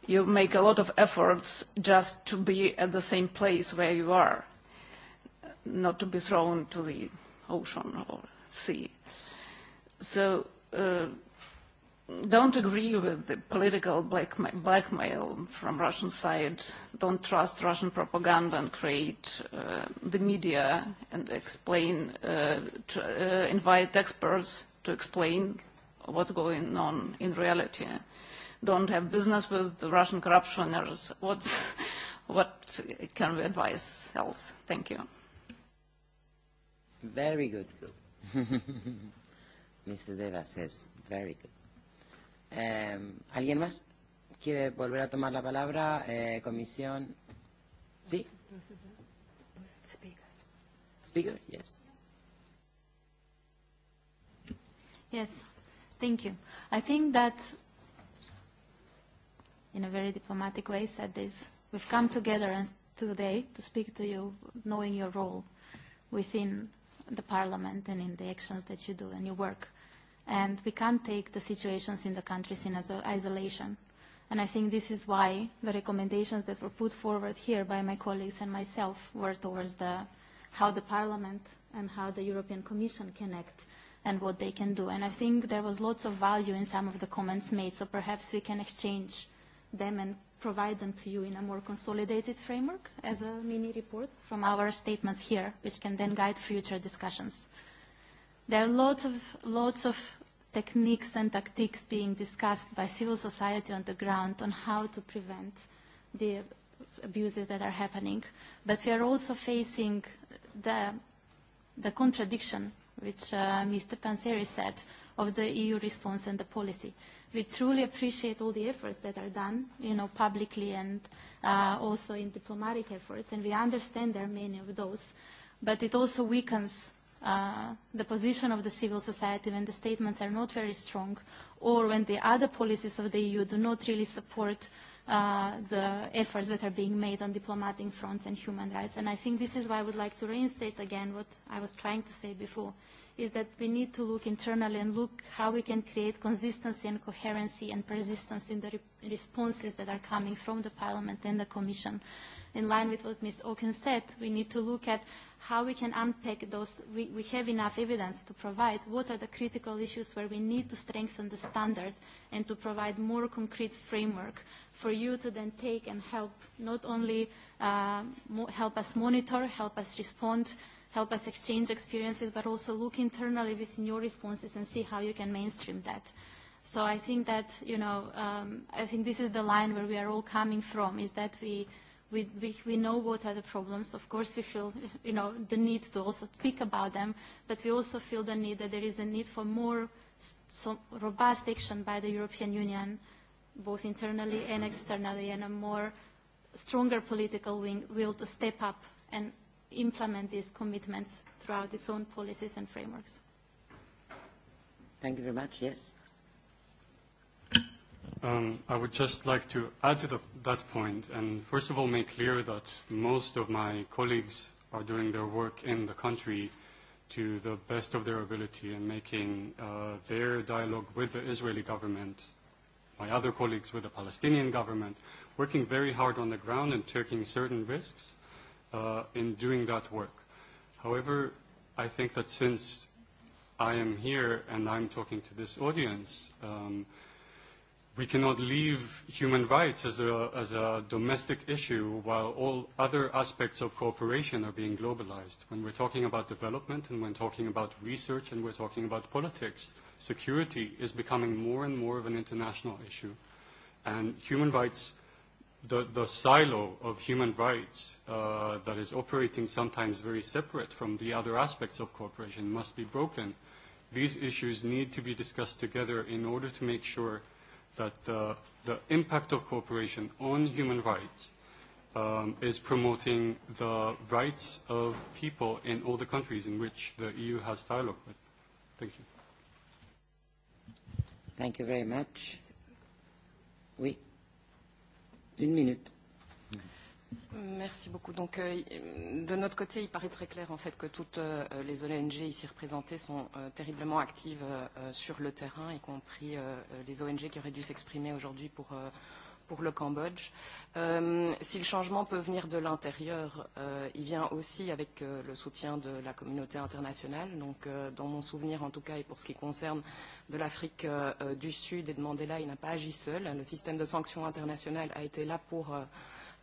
You make a lot of efforts just to be at the same place where you are, not to be thrown to the ocean or sea. So uh, don't agree with the political blackma blackmail from Russian side, don't trust Russian propaganda and create uh, the media and explain, uh, tr uh, invite experts to explain what's going on in reality. Don't have business with the Russian corruptioners. What's, what can we advise else? Thank you. Very good. Mr. Deva says, very good. Eh, ¿Alguien más quiere volver a tomar la palabra? Eh, comisión. ¿Sí? Speaker. Speaker, yes. Yes, thank you. I think that, in a very diplomatic way, said this. We've come together and today to speak to you, knowing your role within the Parliament and in the actions that you do and your work and we can't take the situations in the countries in isolation. And I think this is why the recommendations that were put forward here by my colleagues and myself were towards the, how the Parliament and how the European Commission can act and what they can do. And I think there was lots of value in some of the comments made, so perhaps we can exchange them and provide them to you in a more consolidated framework as a mini report from our statements here, which can then guide future discussions. There are lots of, lots of techniques and tactics being discussed by civil society on the ground on how to prevent the abuses that are happening. But we are also facing the, the contradiction, which uh, Mr. Panseri said, of the EU response and the policy. We truly appreciate all the efforts that are done, you know, publicly and uh, also in diplomatic efforts, and we understand there are many of those, but it also weakens uh, the position of the civil society when the statements are not very strong or when the other policies of the EU do not really support uh, the efforts that are being made on diplomatic fronts and human rights. And I think this is why I would like to reinstate again what I was trying to say before, is that we need to look internally and look how we can create consistency and coherency and persistence in the re responses that are coming from the Parliament and the Commission. Uh, in line with what Ms. Oaken said, we need to look at how we can unpack those. We, we have enough evidence to provide what are the critical issues where we need to strengthen the standard and to provide more concrete framework for you to then take and help not only uh, mo help us monitor, help us respond, help us exchange experiences, but also look internally within your responses and see how you can mainstream that. So I think that, you know, um, I think this is the line where we are all coming from, is that we – we, we, we know what are the problems. Of course, we feel you know, the need to also speak about them, but we also feel the need that there is a need for more so robust action by the European Union, both internally and externally, and a more stronger political wing, will to step up and implement these commitments throughout its own policies and frameworks. Thank you very much. Yes. Um, I would just like to add to the, that point and first of all make clear that most of my colleagues are doing their work in the country to the best of their ability and making uh, their dialogue with the Israeli government, my other colleagues with the Palestinian government, working very hard on the ground and taking certain risks uh, in doing that work. However, I think that since I am here and I'm talking to this audience, um, uh, We cannot leave human rights as a, as a domestic issue while all other aspects of cooperation are being globalized. When we're talking about development and when talking about research and we're talking about politics, security is becoming more and more of an international issue. And human rights, the, the silo of human rights uh, that is operating sometimes very separate from the other aspects of cooperation must be broken. These issues need to be discussed together in order to make sure – that uh, the impact of cooperation on human rights um, is promoting the rights of people in all the countries in which the EU has dialogue with. Thank you. Thank you very much. Oui. Une minute. Merci beaucoup. Donc, euh, de notre côté, il paraît très clair en fait que toutes euh, les ONG ici représentées sont euh, terriblement actives euh, euh sur le terrain, y compris euh, euh les ONG qui auraient dû s'exprimer aujourd'hui pour euh, pour le Cambodge. Euh, si le changement peut venir de l'intérieur, euh, il vient aussi avec euh, le soutien de la communauté internationale. Donc, euh, dans mon souvenir, en tout cas, et pour ce qui concerne de l'Afrique euh, euh du Sud et de Mandela, il n'a pas agi seul. Le système de sanctions internationales a été là pour euh,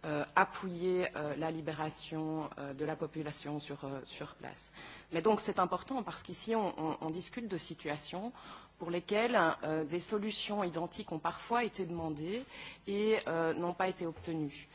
euh, appuyer euh, la libération euh, de la population sur, euh, sur place. Mais donc c'est important parce qu'ici on, on, on discute de situations pour lesquelles euh, des solutions identiques ont parfois été demandées et euh, n'ont pas été obtenues.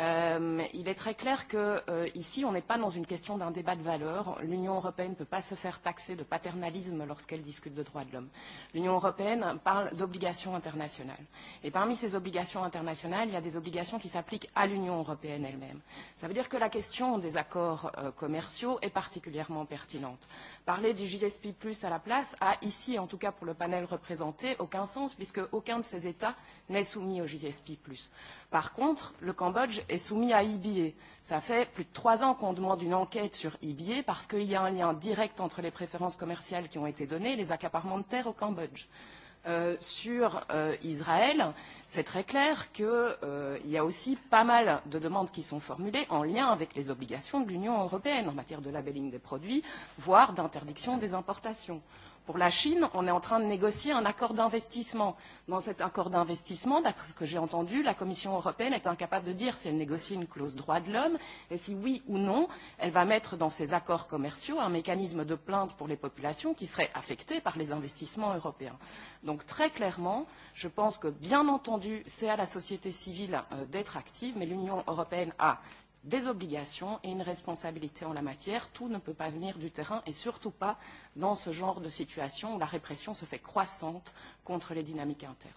Euh, il est très clair que euh, ici, on n'est pas dans une question d'un débat de valeurs. L'Union européenne ne peut pas se faire taxer de paternalisme lorsqu'elle discute de droits de l'homme. L'Union européenne parle d'obligations internationales. Et parmi ces obligations internationales, il y a des obligations qui s'appliquent à l'Union européenne elle-même. Ça veut dire que la question des accords euh, commerciaux est particulièrement pertinente. Parler du GSP+ à la place a ici, en tout cas pour le panel représenté, aucun sens puisque aucun de ces États n'est soumis au GSP+. Par contre, le Cambodge est soumis à IBA. Ça fait plus de trois ans qu'on demande une enquête sur IBA parce qu'il y a un lien direct entre les préférences commerciales qui ont été données et les accaparements de terre au Cambodge. Euh, sur euh, Israël, c'est très clair qu'il euh, y a aussi pas mal de demandes qui sont formulées en lien avec les obligations de l'Union européenne en matière de labelling des produits, voire d'interdiction des importations. Euh, Pour la Chine, on est en train de négocier un accord d'investissement. Dans cet accord d'investissement, d'après ce que j'ai entendu, la Commission européenne est incapable de dire si elle négocie une clause droit de l'homme et si oui ou non, elle va mettre dans ses accords commerciaux un mécanisme de plainte pour les populations qui seraient affectées par les investissements européens. Donc très clairement, je pense que bien entendu, c'est à la société civile euh, d'être active, mais l'Union européenne a des obligations et une responsabilité en la matière. Tout ne peut pas venir du terrain et surtout pas dans ce genre de situation où la répression se fait croissante contre les dynamiques internes.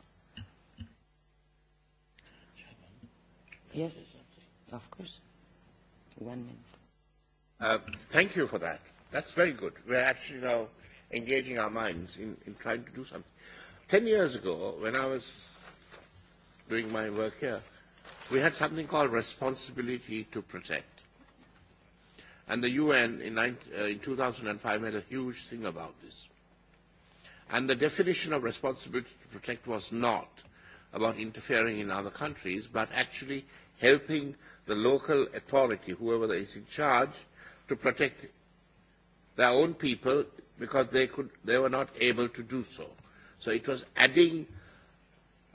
Yes, of course. One minute. Uh, thank you for that. That's very good. We're actually now engaging our minds in, in trying to do something. Ten years ago, when I was doing my work here, we had something called responsibility to protect. And the UN in, 19, uh, in 2005 had a huge thing about this. And the definition of responsibility to protect was not about interfering in other countries, but actually helping the local authority, whoever is in charge, to protect their own people because they, could, they were not able to do so. So it was adding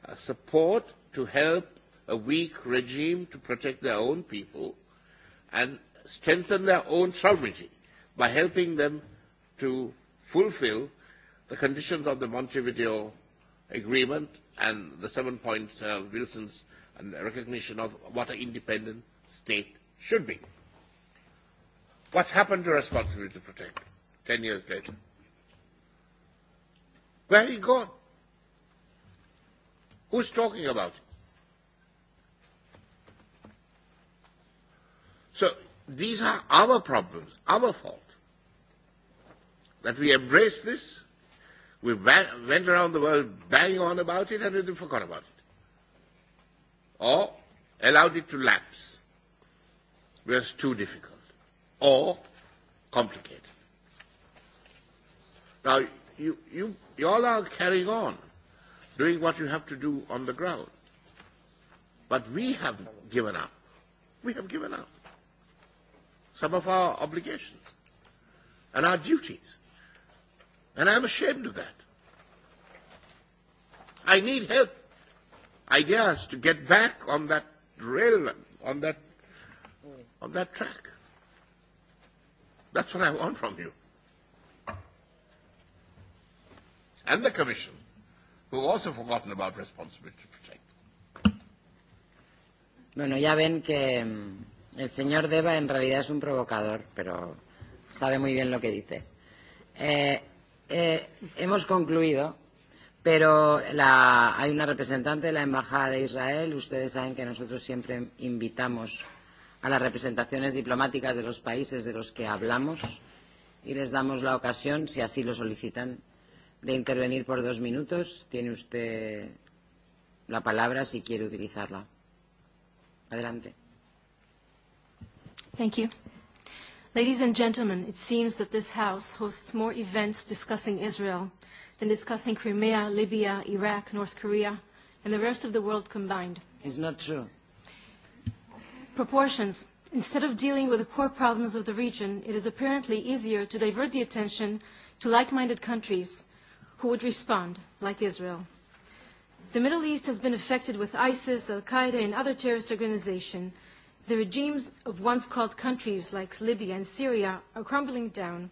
uh, support to help a weak regime to protect their own people and strengthen their own sovereignty by helping them to fulfill the conditions of the Montevideo Agreement and the seven point uh, Wilson's and recognition of what an independent state should be. What's happened to responsibility to protect 10 years later? Where are you gone? Who's talking about it? So these are our problems, our fault. That we embraced this, we went around the world banging on about it and then forgot about it. Or allowed it to lapse. It was too difficult. Or complicated. Now, you, you, you all are carrying on, doing what you have to do on the ground. But we have given up. We have given up some of our obligations and our duties. And I'm ashamed of that. I need help, ideas to get back on that rail, on that, on that track. That's what I want from you. And the Commission, who have also forgotten about responsibility to protect. Bueno, ya ven que mm, El señor Deva en realidad es un provocador, pero sabe muy bien lo que dice. Eh, eh, hemos concluido, pero la, hay una representante de la Embajada de Israel. Ustedes saben que nosotros siempre invitamos a las representaciones diplomáticas de los países de los que hablamos y les damos la ocasión, si así lo solicitan, de intervenir por dos minutos. Tiene usted la palabra si quiere utilizarla. Adelante. Thank you. Ladies and gentlemen, it seems that this House hosts more events discussing Israel than discussing Crimea, Libya, Iraq, North Korea, and the rest of the world combined. It's not true. Proportions. Instead of dealing with the core problems of the region, it is apparently easier to divert the attention to like-minded countries who would respond, like Israel. The Middle East has been affected with ISIS, Al-Qaeda, and other terrorist organizations The regimes of once called countries like Libya and Syria are crumbling down.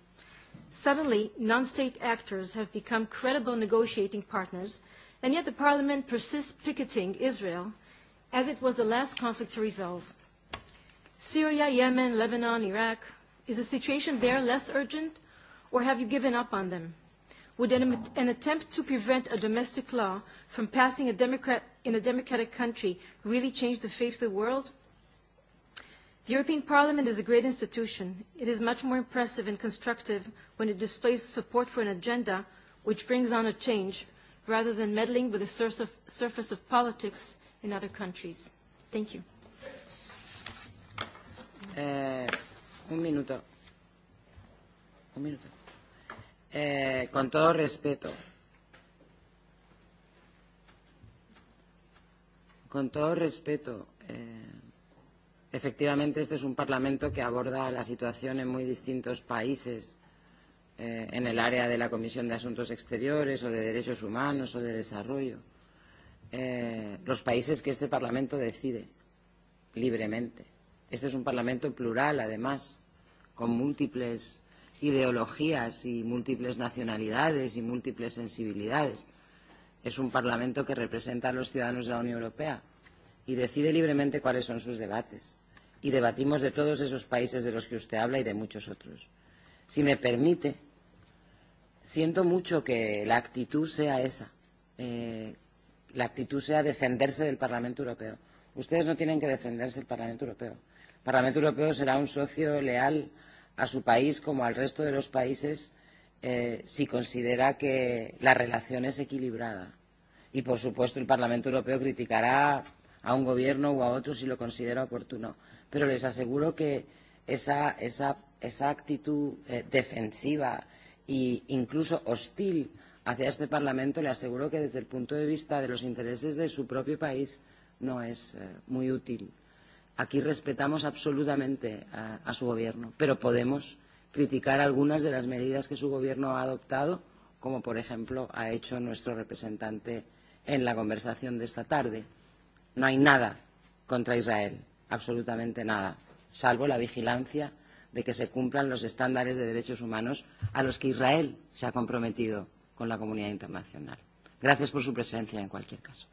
Suddenly, non-state actors have become credible negotiating partners, and yet the parliament persists picketing Israel as it was the last conflict to resolve. Syria, Yemen, Lebanon, Iraq, is the situation there less urgent, or have you given up on them? Would an, an attempt to prevent a domestic law from passing a democrat, in a democratic country really change the face of the world? The European Parliament is a great institution. It is much more impressive and constructive when it displays support for an agenda which brings on a change rather than meddling with the surf of, surface of politics in other countries. Thank you. Eh, un minuto. Un minuto. Eh, con todo respeto. Con todo respeto. Eh, Efectivamente, este es un Parlamento que aborda la situación en muy distintos países, eh, en el área de la Comisión de Asuntos Exteriores o de Derechos Humanos o de Desarrollo. Eh, los países que este Parlamento decide libremente. Este es un Parlamento plural, además, con múltiples ideologías y múltiples nacionalidades y múltiples sensibilidades. Es un Parlamento que representa a los ciudadanos de la Unión Europea y decide libremente cuáles son sus debates y debatimos de todos esos países de los que usted habla y de muchos otros. Si me permite, siento mucho que la actitud sea esa, eh, la actitud sea defenderse del Parlamento Europeo. Ustedes no tienen que defenderse del Parlamento Europeo. El Parlamento Europeo será un socio leal a su país como al resto de los países eh, si considera que la relación es equilibrada. Y, por supuesto, el Parlamento Europeo criticará a un gobierno o a otro si lo considera oportuno pero les aseguro que esa, esa, esa actitud eh, defensiva e incluso hostil hacia este Parlamento, le aseguro que desde el punto de vista de los intereses de su propio país no es eh, muy útil. Aquí respetamos absolutamente a, a su gobierno, pero podemos criticar algunas de las medidas que su gobierno ha adoptado, como por ejemplo ha hecho nuestro representante en la conversación de esta tarde. No hay nada contra Israel absolutamente nada, salvo la vigilancia de que se cumplan los estándares de derechos humanos a los que Israel se ha comprometido con la comunidad internacional. Gracias por su presencia en cualquier caso.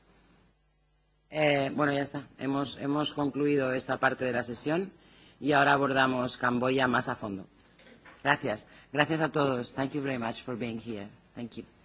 Eh, bueno, ya está. Hemos, hemos concluido esta parte de la sesión y ahora abordamos Camboya más a fondo. Gracias. Gracias a todos. Thank you very much for being here. Thank you.